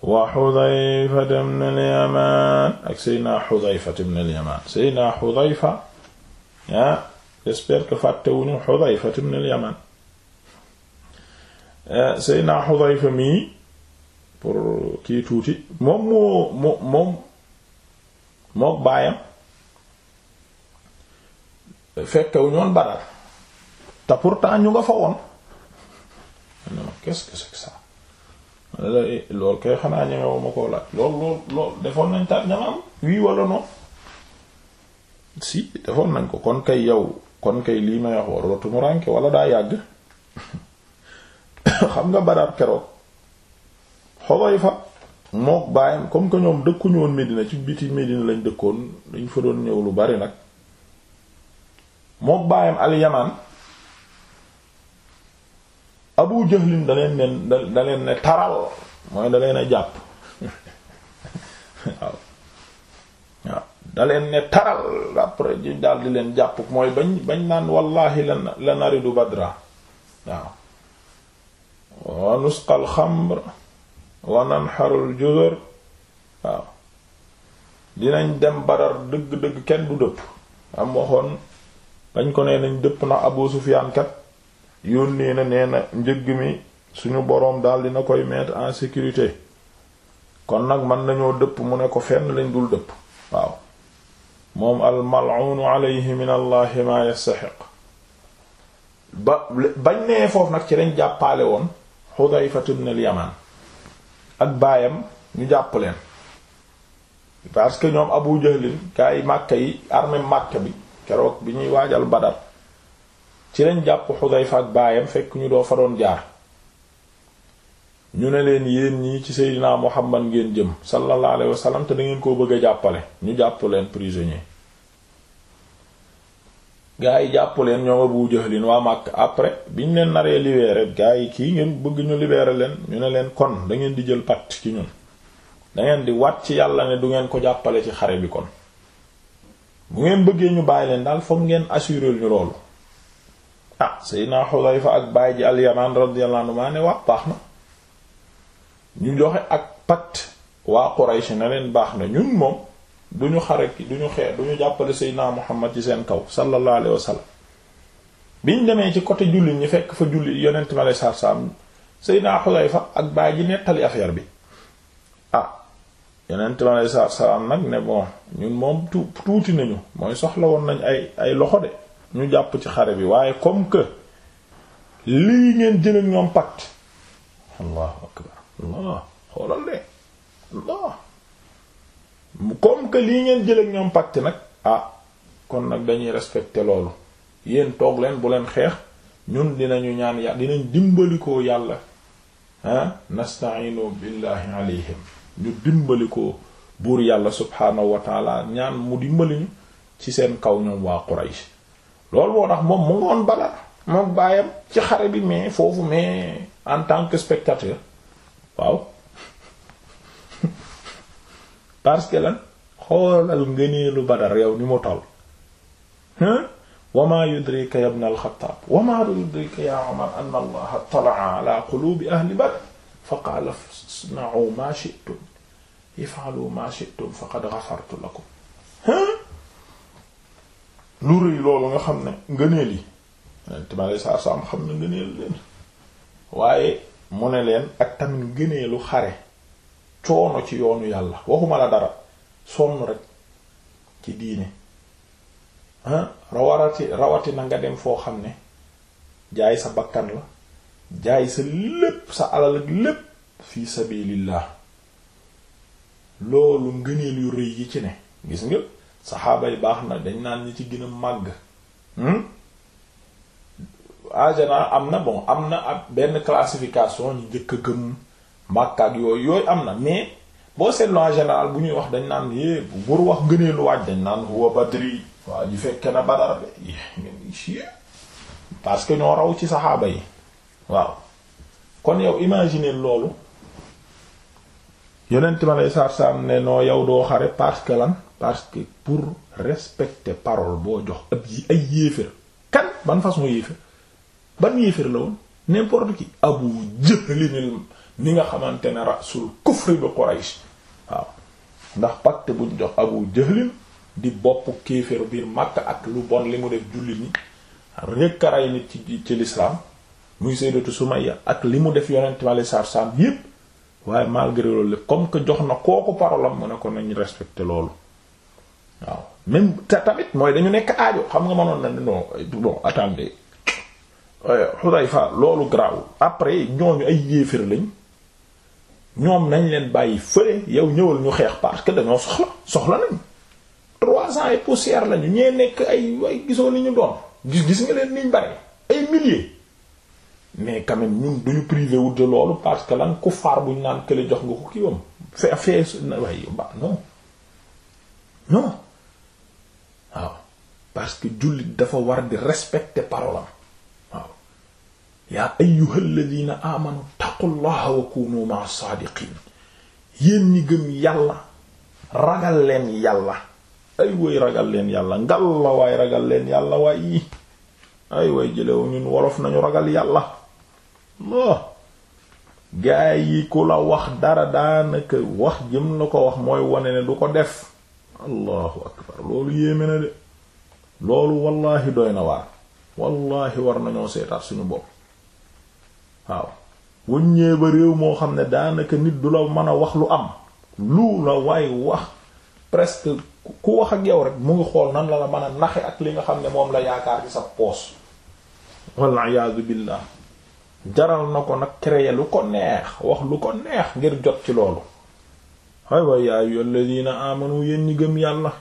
wa Xudayfa ibn al-Yamaan ak Seydina Xudayfa ibn al-Yamaan Seydina Xudayfa ah j'espère que fàttewuñu Xudayfa ibn al-Yamaan eh, Seydina Xudayfa mi pour kii tuuti moom moo moo moom mook baayam fekkewu ñoon Badar te pourtant ñu nga fa woon ma loolu kay xanaa ñemewu koo laaj lool lool defoon nañ taat ñam wii wala non si defoon nañ ko kon kay yow kon kay lii may wax war rotu mu wala daa yàgg xam nga Badar keroog fa mook baayam comme que ñoom dëkkuñu woon Medina ci biti Medina lañ dëkkoon dañ fa ñëw lu bari nag mook baayam al Yamaan Abu Jahlin da leen ne taral mooy da leen a jàpp waaw waaw leen ne taral après ji daal di leen jàpp mooy bañ bañ naan wallahi la naridu Badra waaw wa nusqal xamr wanan xarul juzur waaw dinañ dem badar dëgg-dëgg kenn du dëpp am waxoon dañ ko nee nañ dëpp na Abu Sufyaan kat yónnee na nee na njëgg mi suñu boroom daal dina koy mettre en sécurité kon nag mën nañoo dëpp mu ne ko fenn lañ dul dëpp waaw moom al mal'un min allah ma yastaxiq ba bañ nee foofu nag ci lañ jàppaale woon Xudayfa ibn al Yaman ak baayam ñu jàpp leen parce que ñoom Abu Jahlin kaa yi Màkka yi armée Màkka bi keroog bi ñuy waajal Badar ci lañ jàpp Xudayfa ak baayam fekk ñu doo fa doon jaar ñu ne leen yéen ñii ci Seydina Muhammad ngeen jëm sallallahu alayhi wasallam te da ngeen koo bëgg jàppale ñu jàpp leen prisonnier gaa yi jàpp leen ñoo Abu Jahlin waa Makka après ñu leen naree libéré gaa yi kii ngeen bëgg ñu libéré leen ñu ne leen kon da ngeen di jël pacte ci ñun da ngeen di wat ci yàlla ne du ngeen ko jàppale ci xare bi kon bu ngeen bëggee ñu bàyyi leen daal foog ngeen assuré ñu loolu ah Seydina fa ak baay ji Al-Yaman radiyallahu anhu maa ne wax baax na ñu joxe ak pacte waa si na leen baax na ñun moom du ñu xare du ñu xeex du ñu jàppale Seydina Muhammad ci seen kaw sallallahu alayhi wa sallam biñ demee ci côté jullit ñi fekk fa jullit yonent ma lay saar saam Seydina Xudayfa ak baay ji nettali affaire bi ah yonent ma saar saam nag ne bon ñun moom tuuti nañu mooy soxla woon nañ ay ay loxo de ñu jàpp ci xare bi waaye comme que lii ngeen jël ak ñoom pacte allahu akbar allah xoolal de allah comme que lii ngeen jël ak ñoom pacte nag ah kon nag dañuy respecter loolu yéen toog leen bu leen xeex ñun dinañu ñaan yàlla dinañ dimbalikoo yàlla ah nasta'inu billahi alayhim ñu dimbalikoo buur yàlla subhaanahu wa ñaan mu dimbaliñu ci seen kaw ñoom waa Quraysh loolu moo tax moom mu ngoon bala moom bàyyam ci xare bi mais foofu mais en tant que spectateur waaw parce que lan xoolal ngëneelu Badar yow ni mu toll wama yudrika ya ibn al-Khattab wama yudrika ya Umar anna Allaha tala'a ala qulubi ahli Badr fa qala ma shi'tum if'alu ma shi'tum faqad ghafartu lakum lu rëy loolu nga xam ne ngëneel yi yonent bi xam ne ngëneel leen waaye mu ne leen xare coono ci yoonu yàlla waxuma la dara sonn rek ci diine rawati rawati na nga dem foo xam ne jaay sa bakkan la jaay sa lépp sa alal ak lépp fi sabilillah loolu ngëneel rëy yi ci ne gis nga saxaaba yi baax na dañ naan ñi ci gën a màgg agena am na bon am na ab benn classification ñu njëkk a gëm Makka yooyu yooyu am na mais boo seetloo en général bu ñuy wax dañ naan é eh, bu bur wax gëneelu waaj dañ naan huwa badri waa ji fekke na badar bi eh. parce que ñoo raw ci saxaaba yi waaw kon yow imaginer loolu yonent ma lay saar saam ne noo yow doo xare parce que lan parce que pour respecte parole boo jox ab yi ay yéefér kan ban façon yéefér ban yéefér la woon n'importe qui Abu Jahl mi nga xamante ne rasul kufri bi Quraysh waaw ndax pacte buñ jox Abu Jahlin di bopp kéeféru biir Makka ak lu bon li mu def jullit ñi rekk rey nit ci ci l'islam muy Sayyidatu Sumayya ak li mu def yonent mi alayhi salaatu salaam yépp waaye malgré loolu comme que jox na kooku parolam mu ne ko nañ respecté loolu waaw même te tamit mooy dañu nekk aajo xam nga mënoon na ne non bon attendez euh, fa loolu graw après ñooñu ay yéefér lañ ñoom nañ leen bàyyi fële yow ñëwal ñu xeex parce que dañoo soxla soxla nañ trois ans et poussière lañu ñee nekk ay ay gisoo li ñu doon gis gis nga leen niñ bari ay milliers mais quand même ñun duñu privé wut de loolu parce que lan ku faar ñu naan kële jox nga ko kiiwam fe fee way ba non non waaw parce que jullit dafa war di respecter parole yaa ayyuhal ladina amanu taqullaha wa kunu ma'as saadiqin yéen ñi gëm yàlla ragal leen yàlla ay way ragal leen yàlla ngal la waay ragal leen yàlla waay yi ay way jëlew ñun wolof nañu ragal yàlla lo gaay yi ku la wax dara daanaka wax jëm la ko wax mooy wone ne du ko def allahu akbar loolu yéeme na de loolu wallahi doy na waar wallahi war nañoo seetaat suñu bopp waaw wëññee ba réew moo xam ne daanaka nit du la mën a wax lu am lu la waaye wax presque ku wax ak yow rek mu ngi xool nan la la mën a naxe ak li nga xam ne moom la yaakaar ci sa poos walla iyaazu billaah jaral na ko nag créer lu ko neex wax lu ko neex ngir jot ci loolu ay waay yaa ayyuha alladina amanu yéen ñi gëm yàlla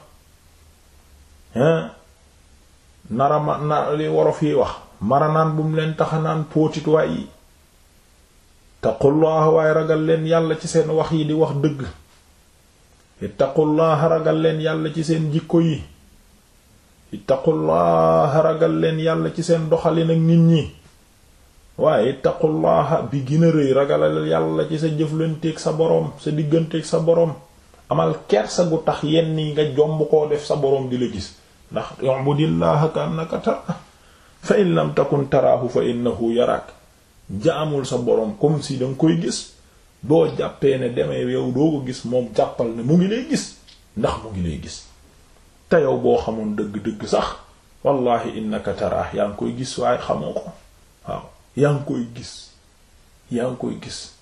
hein nara ma na li worof yi wax mara naan bu mu leen taxa naan póotit waay yi taqullaha waaye ragal leen yàlla ci seen wax yi di wax dëgg ittaqullaha ragal leen yàlla ci seen jikko yi ittaqullaha ragal leen yàlla ci seen doxalin ak nit ñi waaye ittaqullaha bi gën a rëy ragalal yàlla ci sa jëflanteeg sa boroom sa digganteeg sa boroom amal kersa gu tax yenn yi nga jomb koo def sa boroom di la gis ndax yu'budillaha ka annaka tara fa in lam takun taraahu fa innahu yaraak jaamul sa borom comme si danga koy gis boo jàppee ne demee yow doo ko gis moom jàppal ne mu ngi lay gis ndax mu ngi lay gis te yow boo xamoon dëgg-dëgg sax wallahi innaka tara yaa ngi koy gis waaye xamoo ko waaw yaa ngi koy gis yaa ngi koy gis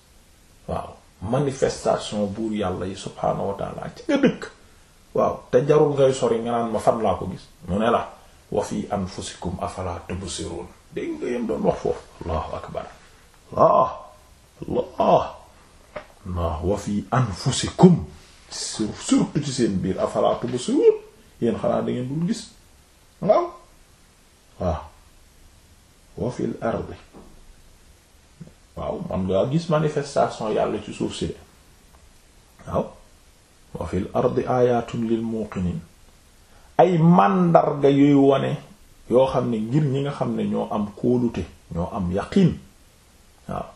waaw manifestation buur yàlla yi subhaanahu wa ci nga dëkk waaw te jarul ngay sori nga naan ma fan laa ko gis mu ne la wa fi anfusikum afala tubsirun dégg nga yem doon wax foofu allahu akbar Allah Allah ma wa fi anfusikum surtout ci seen biir afala tubsirun yéen xanaa da ngeen dul gis waaw waaw ah. wa fil ardi waaw man ngaa gis manifestation yàlla ci suuf si de waaw wa fil ardi ayatun lil muqinin ay màndarga yuy wone yoo xam ne ngir ñi nga xam ne ñoo am kóolute ñoo am yaqiin waaw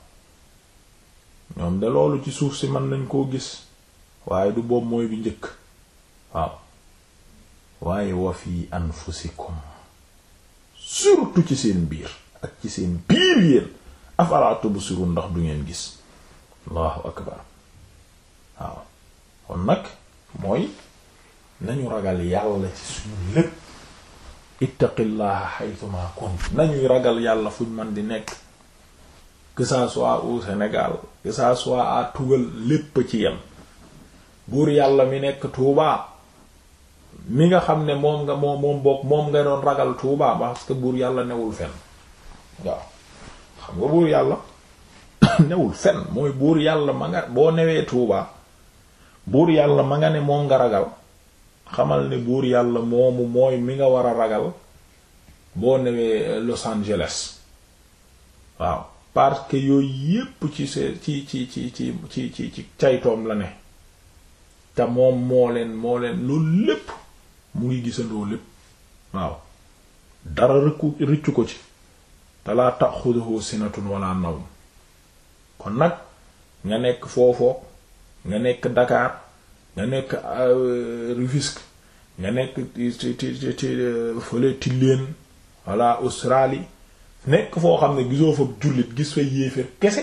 ñoom de loolu ci suuf si mën nañ koo gis waaye du boobu mooy bi njëkk waaw waaye wa fi anfusikum surtout ci seen biir ak ci seen biir yéen afala tubsirun ndax du ngeen gis allahu akbar waaw kon nag mooy nañu ragal yàlla ci suñu lépp ittaqillaha haythuma kunt nañuy ragal yàlla fuñ man di nekk que ça soit au Sénégal que ça soit à Tugal lépp ci yem buur yàlla mi nekk Touba mi nga xam ne moom nga moom bokk moom nga doon ragal Touba parce que buur yàlla newul fenn waaw xam nga buur yàlla newul fenn mooy buur yàlla ma nga boo newee Touba buur yàlla ma nga ne moom nga ragal xamal ne buur yàlla moomu mooy mi nga war a ragal boo newee Los Angeles waaw parce que yooyu yépp ci see ci ci ci ci ci ci ci caytoom la ne te moom moo leen moo leen loolu lépp mu ngi gisandoo lépp waaw dara rëkku rëccu ko ci te laa ta'xuduhu sinatun wala nawm kon nag nga nekk foofoo nga nekk Dakar nga nekk euh, Rufisque nekk ci ci ci euh, fële Tilène wala Australie nekk foo xam ne gisoo fa jullit gis fa yéeféer kese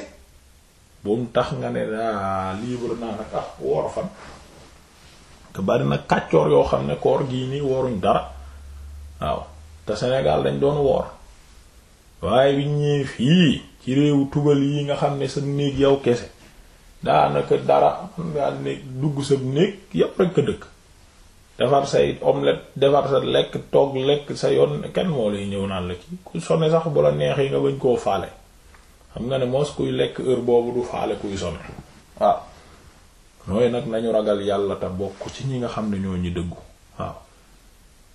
bu mu tax nga ne daa ah, libre naa nag ah woor fan te bari na kàccoor yoo xam ne koor gii nii wooruñ dara waaw te senegal dañ doon woor waaye bi ñëwee fii ci réewu tugal yi nga xam ne sa néeg yow kese daanaka dara nga néeg dugg sa néeg yépp rekk a dëkk defar say omelette defar sa lekk toog lekk sa yoon kenn moo lay ñëw naan la ki ku sone sax bu la neexee nga bañ koo faale xam nga ne mos kuy lekk heure boobu du faale kuy sone waaw nooyu nag nañu ragal yàlla te bokk ci ñi nga xam ne ñoo ñi dëggu waaw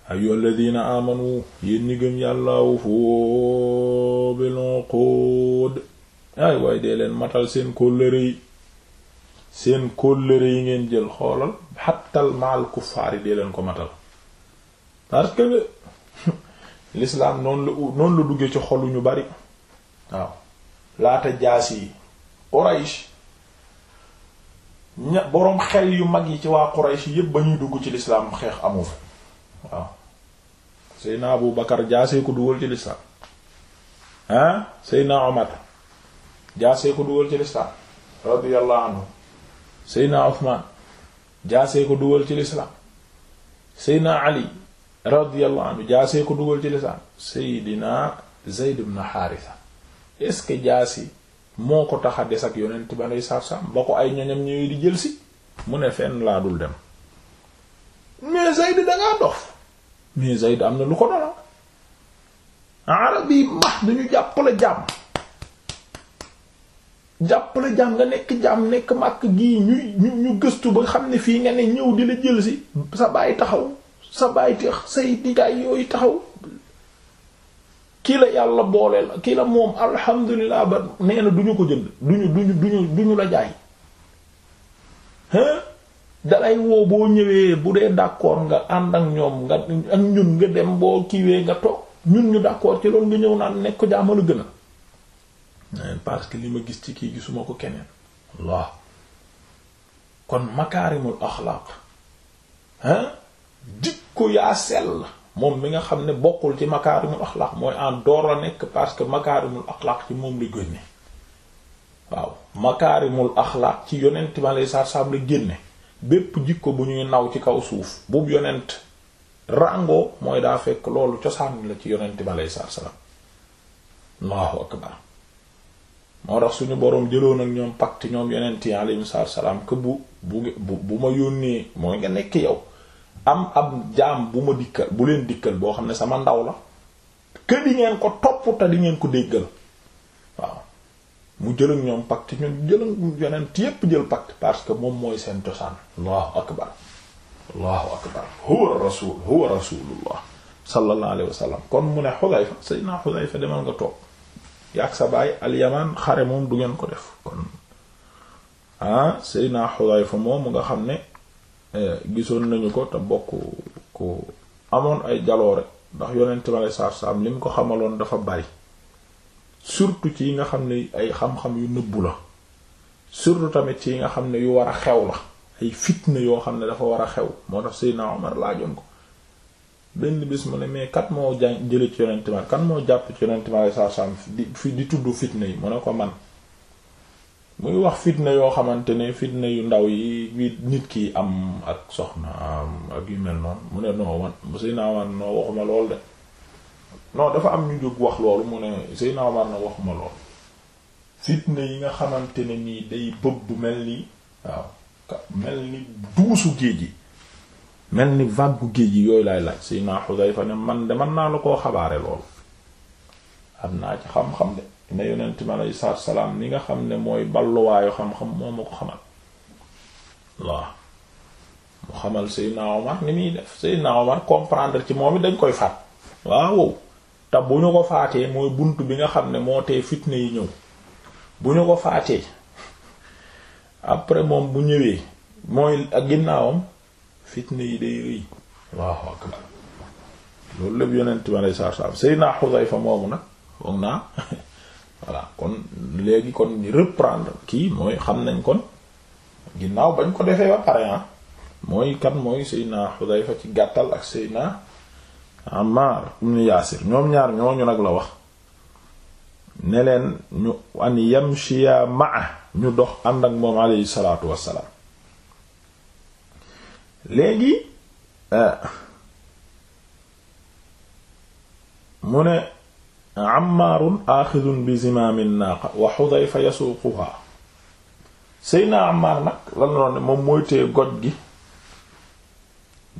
ayyul ladina amanu yéen ñi gëm yàlla fu bil uqud
ay waaye dee leen
matal seen kóllëre yi seen kóllëre yi ngeen jël xoolal xattal maal kuffaar yi dee leen ko matal parce que l'islam noonu la noonu la duggee ci xolu ñu bari waaw laata jaas yi Quraysh ña boroom xel yu mag yi ci waa Quraysh yépp ba ñuy dugg ci l'islam xeex amu fa waaw Seyna Abu Bakar jaasee ko dugal ci l'islam ah Seyna Omar jaasee ko dugal ci l'islam radiyallahu seydna Uthman jaasee ko dugal ci lislaam seydna Ali radiyallahu anhu jaasee ko dugal ci lislaam seydina Zayd ibn Haritha est-ce que jaasi moo ko taxa a des ak yonent ba nay saab-saam ba ko ay ñoñam ñëwee di jël si mu ne fenn laa dul dem mais Zayd dangaa dof mais Zayd am na lu ko dara arab max duñu jàpp la jàmm jàppale jaam nga nekk jaam nekk màkk gii ñu ñu gëstu ba xam ne fii nga ne ñëw di la jël si sa baay taxaw sa baay tax say digaay yooyu taxaw kii la yàlla booleel kii la moom alhamdulilah ba nee na du ñu ko jënd duñu duñu duñu du ñu la jaay dalay woo boo ñëwee bu dee d'accord nga ànd ak ñoom nga ak ñun nga dem boo kiiwee nga toog ñun ñu d'accord ci loolu nga ñëw naan nekk ko jaamala gën a Euh, parce que li ma gis ci kii gisuma ko keneen waaw kon makaarimul axlaaq hein jikko yaa sell moom mi nga xam ne bokkul ci makaarimul axlaaq mooy en door la nekk parce que makaarimul axlaaq ci moom la génne waaw makaarimul axlaaq ci yonent ma lay saar saab la génne bépp jikko bu ñuy naw ci kaw suuf bu yonent rango mooy daa fekk loolu cosaan la ci yonent bi aleyhi salaatu wa salaam allahu akbar moo tax suñu boroom jëloon ak ñoom pacte ñoom yonent yi alayhimu salaam que bu bu bu ma yónnee mooy nga nekk yow am ab jaam bu ma dikkal bu leen dikkal boo xam ne sama ndaw la que di ngeen ko topp te di ngeen ko déggal waaw mu jël ak ñoom pacte ñun jël ak yonent yépp jël pacte parce que moom mooy seen cosaan allahu akbar allahu akbar huwa rasul huwa rasulullah sallallahu alayhi wa sallam kon mu ne Xudayfa sayyidina Xudayfa demal nga toog ak sa baay alyamaan xare moom du ngeen ko def kon ah Seydina Xudayfa moom nga xam ne eh, gisoon nañu ko te bokk ko amoon ay jaloore ndax yonent ma lay saab-saab li ko xamaloon dafa bari surtout ci yi nga xam ne ay xam-xam yu nëbbu la surtout tamit ci yi nga xam ne yu war a xew la ay fitna yoo xam ne dafa war a xew moo tax Seydina Omar laajoon ko benn bis mu ne mais kat moo ja jële ci yonent ma kan moo jàpp ci yonent ma saa saam di fi di tudd fitna yi mu ne ko man muy wax fitna yoo xamante ne fitna yu ndaw yi nit ki am ak soxna ak yu mel noonu mu ne noo wan Seydina Omar noo waxuma lool de non dafa am ñu jóg wax loolu mu ne Seydina Omar na waxuma lool fitna yi nga xamante ne nii day bëbb mel ni waaw mel ni duusu géej gi mel ni vague géej gi yooyu lay laaj si naa fa ne man de man naa la koo xabaare loolu am naa ci xam-xam de ne yonent mi aleyhi salaatu salaam ni nga xam ne mooy balluwaayu xam-xam moo ma ko xamal waaw mu xamal Seydina Omar ni muy def Seydina Omar comprendre ci moom it dañ koy faat waaw te bu ñu ko faatee mooy bunt bi nga xam ne moo tee fitna yi ñëw bu ñu ko faatee après moom bu ñëwee mooy ak ginnaawam fitna yi day rëy allahu akbar loolu lépp yonent ma lay saar saar sëy naa Xudayfa moomu nag foog naa voilà kon léegi kon reprendre kii mooy xam nañ kon ginnaaw bañ ko defee ba pare ah mooy kan mooy sëy naa Xudayfa ci gàttal ak sëy naa Ammaar ibn Yaasir ñoom ñaar ñooñu nag la wax ne leen ñu an yamshiya maa ñu dox ànd ak moom alayhi salaatu wassalaam léegi mu ne ammaarun aaxidun bi zimaamin naaqa wa xudayfa yasuuquhaa seyna ammaar nag lan loon ne moom mooy goj gi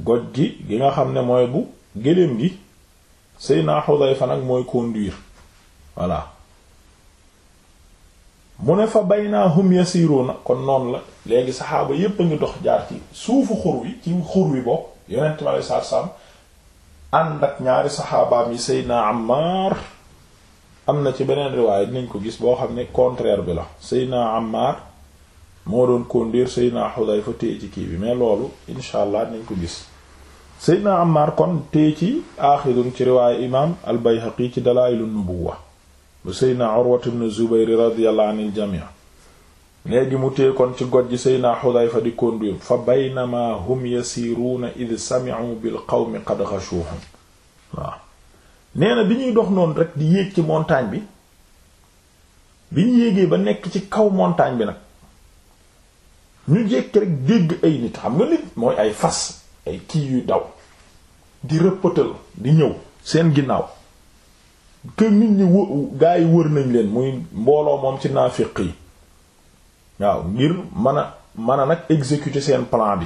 goj gi gi nga xam ne mooy bu gëléem gi sëy naa xudayfa nag mooy conduire voilà mu ne fa baynahum yasiruuna kon noonu la léegi saxaaba yépp a ngi dox jaar ci suufu xur wi ci xur wi bokk yonent mi aleyhi salaatu salaam ànd ak ñaari saxaabaam yi Seydina Ammar am na ci beneen riwaay dinañ ko gis boo xam ne contraire bi la Seydina Ammar moo doon conduire Seydina Xudayfa téye ci kii bi mais loolu incha allah dinañ ko gis Seydina Ammar kon téye ci aaxirun ci riwaay imaam al-Bayhaqi ci Dalaa'ilun Nubuwwa bu seydna urwat ibn zubayr radiyallahu anil jamii léegi mu tee kon ci goj ji seydna xudayfa di conduire fa baynama hum yasiruuna id sami'u bil qawmi qad ghashuhum waaw nee na bi dox noonu rek di yéeg ci montagne bi bi ñu yéegee ba nekk ci kaw montagne bi nag ñu jékki rek dégg ay nit xam nga nit mooy ay fas ay kii yuy daw di rëppatal di ñëw seen ginnaaw kër nit ñi wë gaa wër nañ leen muy mbooloo moom ci naafiq yi waaw ngir man a mën a nag exécuter seen plan bi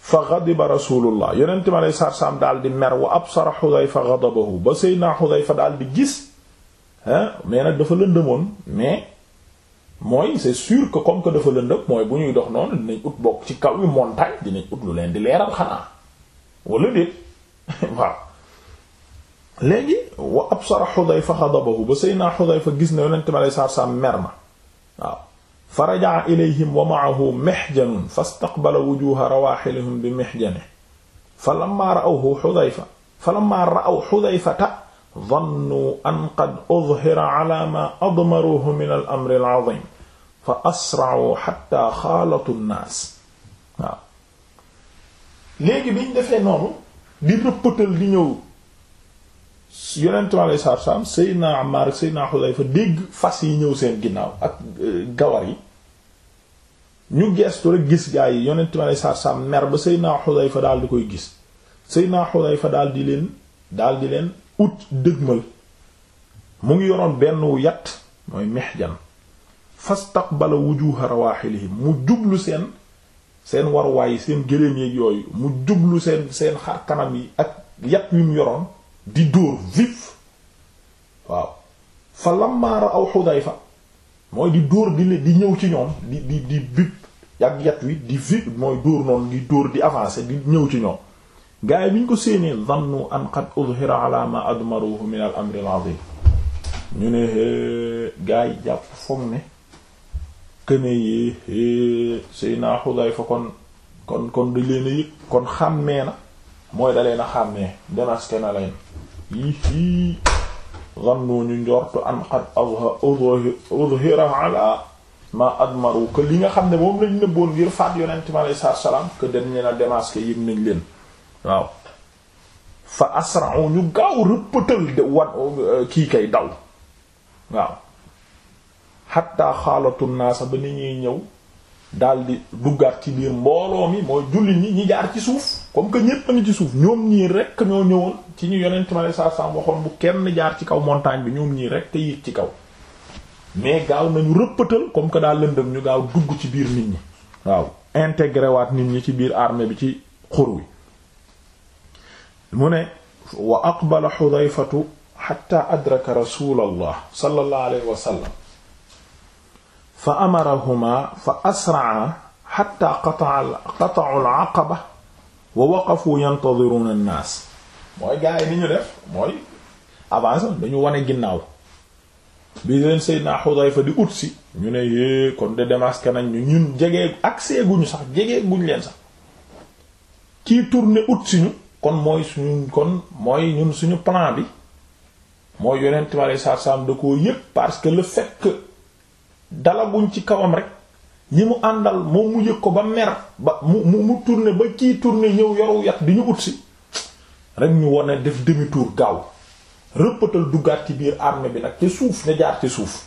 fa ghadiba rasulullah yonente ma alei satu salaam daal di mer wa absara xudayfa ghadabahu ba seydna fa daal di gis ah mais nag dafa lëndëmoon mais mooy c'est sûr que comme que dafa lëndëm mooy bu ñuy dox noonu dinañ ut bokk ci kaw yi montagne dinañ ut lu leen di leeral xanaa wala déet waaw léegi wa absara Xudayfa xadabahu ba Seydina Xudayfa gis na yonent bi aleyhi salaatu salaam mer na waaw fa rajaa ilayhim wa ma'ahu mihjanun fastaqbala wujuha rawaxilihim bi mihjani fa lamma ra'awhu Xudayfa fa lamma ra'aw Xudayfata dannuu an qad udhira ala ma admaruhu min al amri al azim fa asra'u hatta xaalatu nnaas waaw léegi biñ defee noonu di rëppatal di ñëw yonent mi alayhi salaatu salaam Seydina Ammaar ak Seydina Xudayfa dégg fas yi ñëw seen ginnaaw ak euh, gawar yi ñu geestu rek gis gaa yi yonent mi alayhi salaatu salaam mer ba Seydina Xudayfa daal di koy gis Seydina Xudayfa daal di leen daal di leen ut dëgmal mu ngi yoroon benn wu yat mooy bala fastaqbala wujuha yi mu jublu seen seen warwaay seen gëléem yeeg yooyu mu jublu seen seen xar kanam yi ak yat wi mu yoroon di dóor vif waaw fa lammaara aw Xudayfa mooy di dóor di di ñëw ci ñoom di di di bip yàgg yat wi di vif mooy dóor noonu di dóor di avancer di ñëw ci ñoom gaa yi bi ñu ko séenee zannu an qad udhira ala ma admaruhu min al ñu ne gaa yi jàpp foog ne këne yi Seydina Xudayfa kon kon kon da leen a kon xàmmee na mooy da leen a xàmmee démasqué na leen zannu ñu njortu an qad udhira ala ma admaru que li nga xam ne moom lañ nëbboon ngir faat yonent mi aleyhi salaatu salaam que dem ñu la démasqué yëg nañ leen waaw fa asra'u ñu gaaw rëppatal kii kay daw waaw hatta xaalatu naasa ba ni ñuy ñëw daldi duggaat ci biir mbooloo mi mooy julli ñi ñi jaar ci suuf comme que ñépp a ngi ci suuf ñoom ñii rekk ñoo ñëwoon ci ñu yonent ma saa saa waxoon bu kenn jaar ci kaw montagne bi ñoom ñii rekk te yéeg ci kaw mais gaaw nañu rëppatal comme que daal lëndëm ñu gaaw dugg ci biir nit ñi waaw intégré waat nit ñi ci biir armée bi ci xur wi mu ne wa aqbala xudayfatu xatta adraka rasulallah sallallahu alayhi wa sallam fa amarahuma fa asraa xatta qata'u al-aqaba wa waqafu yantadiruna an-nas mooy gaa yi ni ñu def mooy avancé dañu wane ginnaaw bi leen Seydina Xudayfa di ut si ñu ne yée kon de démasqué nañ ñu ñun jegee accès guñu sax jegee guñ leen sax kii tourné ut si ñu kon mooy suñu kon mooy ñun suñu plan bi mooy yonent mi aleyhi salaatu salaam da parce que la fait dalaguñ ci kawam rek ñi mu àndal moom mu yëg ko ba mer ba mu mu mu ba kii tourné ñëw yoru yat di ñu ut si rek ñu wane def demi tour gaaw rëppatal duggaat ci biir armée bi nag ci suuf ne jaar ci suuf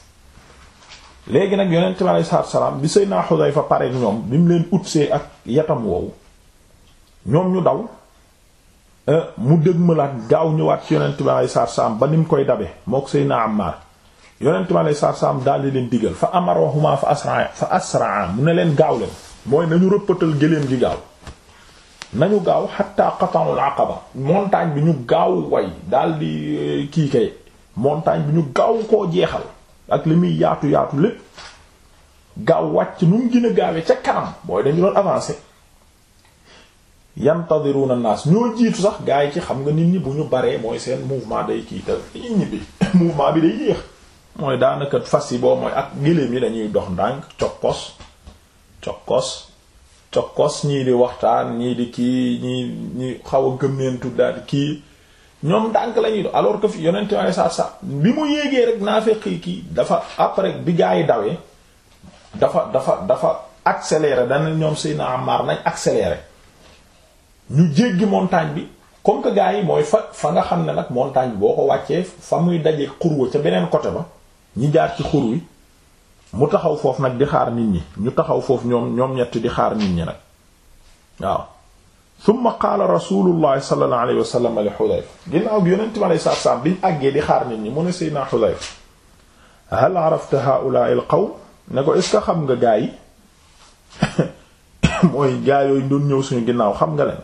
léegi nag yonent bi aleyhi salaatu salaam bi Seydina fa pare ñoom bi mu leen utsee ak yatam woowu ñoom ñu daw eh, mu dëgmalaat gaaw ñëwaat ci yonent bi aleyhi salaatu salaam ba ni mu koy dabe mook Seydina Ammaar yonent ma lay saar saam daal di leen digal fa amarahuma fa asra fa asraa mu ne leen gaaw leen mooy nañu rëppatal gëléem gi gaaw nañu gaaw xatta qata'ul aqaba montagne bi ñu gaaw way daal di eh, kii kay montagne bi ñu gaaw koo jeexal ak li muy yaatu yaatu lépp gaaw wàcc nu mu gën a gaawee ca kanam mooy dañu doon avancer yantadiruna naas ñoo jiitu sax gaa yi ci xam nga nit ñi bu ñu baree mooy seen mouvement day kii te nit bi mouvement bi day yéex mooy daanaka fas yi boo mooy ak gëléem yi dañuy dox ndànk cokkos cokkos cokkos ñii di waxtaan ñii di kii ñii ñi xaw a gëm neentu kii ñoom ndànk lañuy dox alors que fi yonente ay sa sa bi mu yéegee rek naa feqii kii dafa après bi gaa yi dawee dafa dafa dafa accéléré dana ñoom Seydina Ammar nañ accéléré ñu jéggi montagne bi comme gaa yi mooy fa fa nga xam ne nag montagne bi boo ko wàccee fa muy daje xurwa ca beneen côté ba ñi jaar ci xur wi mu taxaw foofu nag di xaar nit ñi ñu taxaw foofu ñoom ñoom ñett di xaar nit ñi nag waaw summa qaala rasulullahi sallallahu alayhi wa sallam li xudayfa ginnaaw gi yonent mi alayhi salaatu salaam biñ àggee di xaar nit ñi mu ne Seydina xudayfa hal arafta haa'ulaa'i al ne ko est xam nga gaa yi mooy gaa yooyu doon ñëw suñu ginnaaw xam nga leen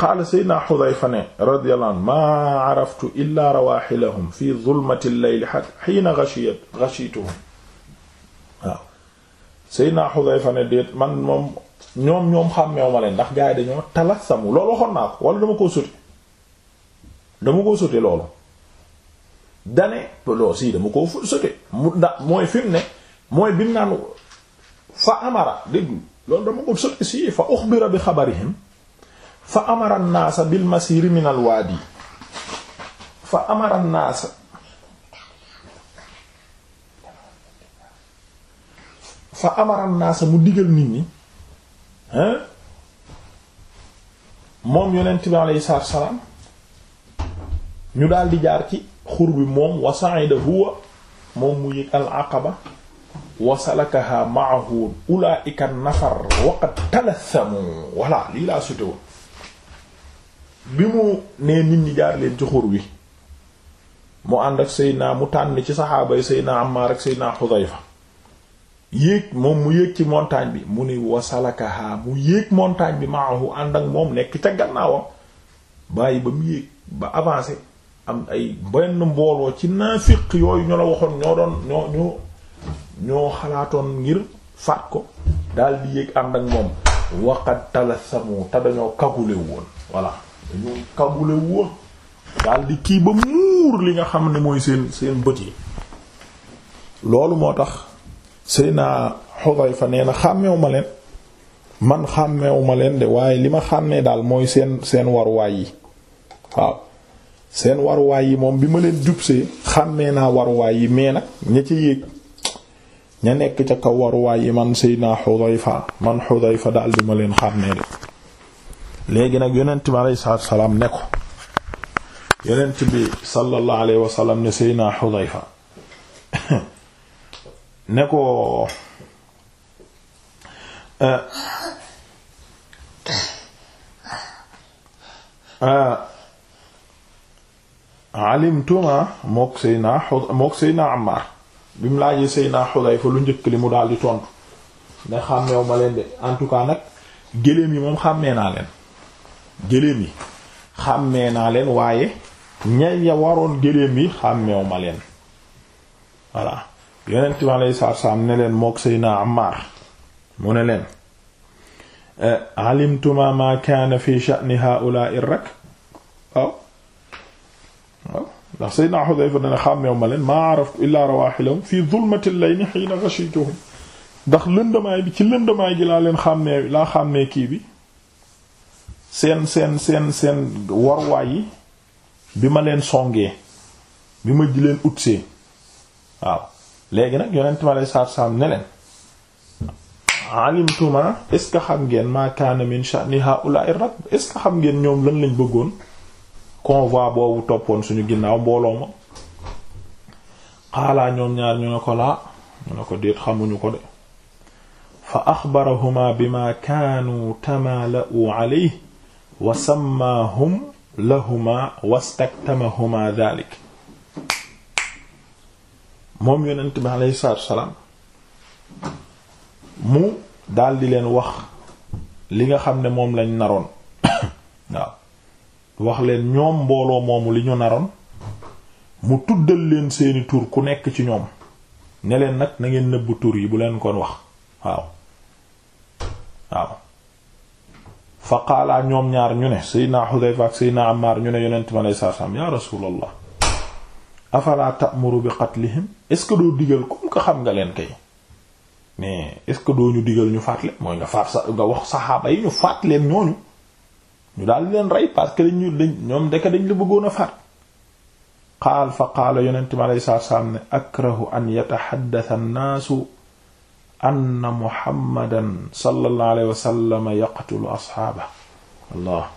qaala saydna xudayfa ne radiyallahu anhu maa araftu illa rawaxilahum fi zulmati lleyli xiina gashiyat gashituhum waaw saydna xudayfa ne déet man moom ñoom ñoom xàmmeew ma leen ndax gars yi dañoo talasamu loolu waxoon naa ko wala dama koo sute dama koo sute loolu dane loolu si dama koo sute mu ndax mu ne mooy bi mu naan fa amara dégg loolu dama ko sute si fa uxbira bi xabarihim fa amara naasa bil masiri min al waadi fa amara naasa fa amara naasa mu digal nit ñi hein moom yonent bi alayhi salaam ñu daal di jaar ci xur bi moom wa sa'ida huwa moom mu yëg al aqaba wa salakaha ma'ahu ulaa'ika nafar wa qad talaasamu lii laa sute woon bi mu nee nit ñi jaar leen ci xur wi mu ànd ak naa mu tànn ci saxaaba yi Seydina Ammaar ak Seydina Xudayfa yéeg moom mu yéeg ci montagne bi mu ni wasalakaha mu yéeg montagne bi maahu ànd ak moom nekk ca gannaawam bàyyi ba mu yéeg ba avancé am ay benn mbooloo ci naafiq yooyu ñu la waxoon ñoo doon ñoo ñoo ñoo xalaatoon ngir faat ko daal di yéeg ànd ak moom waqad talasamu te dañoo kagule woon dañu kawule woo daal kii ba muur li nga xam ne mooy seen seen bët yi loolu moo tax sëy naa Seydina fa nee na xàmmeewu ma leen man xàmmeewu ma leen de waaye li ma xàmmee daal mooy seen seen waruwaay yi waaw seen waruwaay yi moom bi ma leen jubsee xàmmee naa waruwaay yi mais nag ña ca yéeg ña nekk ca kaw waruwaay yi man Seydina Xudayfa man Xudayfa daal di ma leen xàmmee de léegi nag yonent bi alayhi salaam ne ko yonent bi sallallahu alayhi wa sallam ne Seydina Xudayfa ne ko alimtuma mook Seydina mook Seydina Ammaar bi mu laajee Seydina Xudayfa lu njëkk li mu daal di tontu ne xàmmeew leen de en tout cas nag géléem yi moom xàmmee naa leen gëléem yi xàmmee naa leen waaye ñay ya waroon gëléem yi xàmmeew ma leen voilà yonent mi alayhi salaatu salaam ne leen mook Seydina Ammaar mu ne leen eh, alimtuma ma kaana fi sha'ni haa'ulaa'i rak waaw waaw ndax Seydina Xudayfa dana xàmmeew ma leen maa araftu illaa rawaahilahum fii zulmati layli hiina ghashiytuhum ndax lëndamaay bi ci lëndamaay gi laa leen xàmmee laa xàmmee kii bi seen seen seen seen warwaay bi ma leen songee bi ma ji leen utsee waaw léegi nag yonent ma lay saar-saam ne leen alimtuma est ce que xam ngeen ma kaana min sha'ni ha'ula'i rab est xam ngeen ñoom lañ lañ bëggoon convoi boobu toppoon suñu ginnaaw mbooloo ma xaalaa ñoom ñaar ñu ne ko laa ñu ne ko déet xamuñu ko de fa axbarahuma bima kaanu tamala'u alayhi wa sammaahum lahuma wastaktamahuma dhalik moom yonent bi alayhi salaatu mu daldi leen wax li nga xam ne moom lañ naroon waaw wax leen ñoom mbooloo moomu li ñu naroon mu tuddal leen seeni tuur ku nekk ci ñoom ne nag na ngeen nëbb tur yi bu leen kon wax waaw waaw fa qaalaa ñoom ñaar ñu ne seydna Xudayfa ak seydna Ammaar ñu ne yonent ma lay sarsam ya rasulallah afala ta'muru bi qatlihim est-ce que doo digal comme que xam nga leen kay mais est-ce que doo ñu digal ñu faat leen mooy nga faat sa nga ñu faat leen ñooñu ñu daal di leen rey parce que dañu dañ ñoom la bëggoon a faat qaal fa qaala yonent ma lay sarsam ne akrahu an yataxaddasa an-naasu anna muhammadan sallallahu alayhi wa sallam yaqtulu asxaaba allah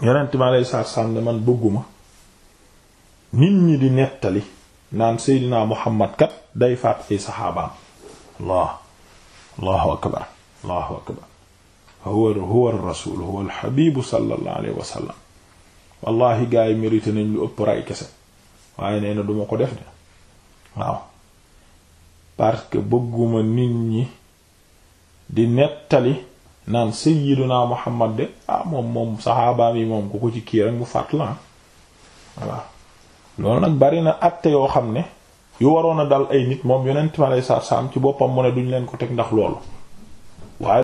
yonent mi alayhi salaatu salaam ne man bëgguma nit ñi di nettali naan seydinaa muhammad kat day faat ay saxaabaam allah allahu akbar allahu akbar huwa huwa rasul huwa alxabibu sallallahu alayhi wa sallam wallahi gaa yi mérité nañ lu ëpp ray kese waaye nee na duma ko def de waaw parce que bëgguma nit ñi di nettali naan sayyiduna Muhammad de ah moom moom saxaabaam yi moom ku ko ci kii rek mu fàtt la voilà loolu nag bari na àtte yoo xam ne yu waroon a dal ay nit moom yonent ma lay saar saam ci boppam mu ne duñ leen ko teg ndax loolu waaye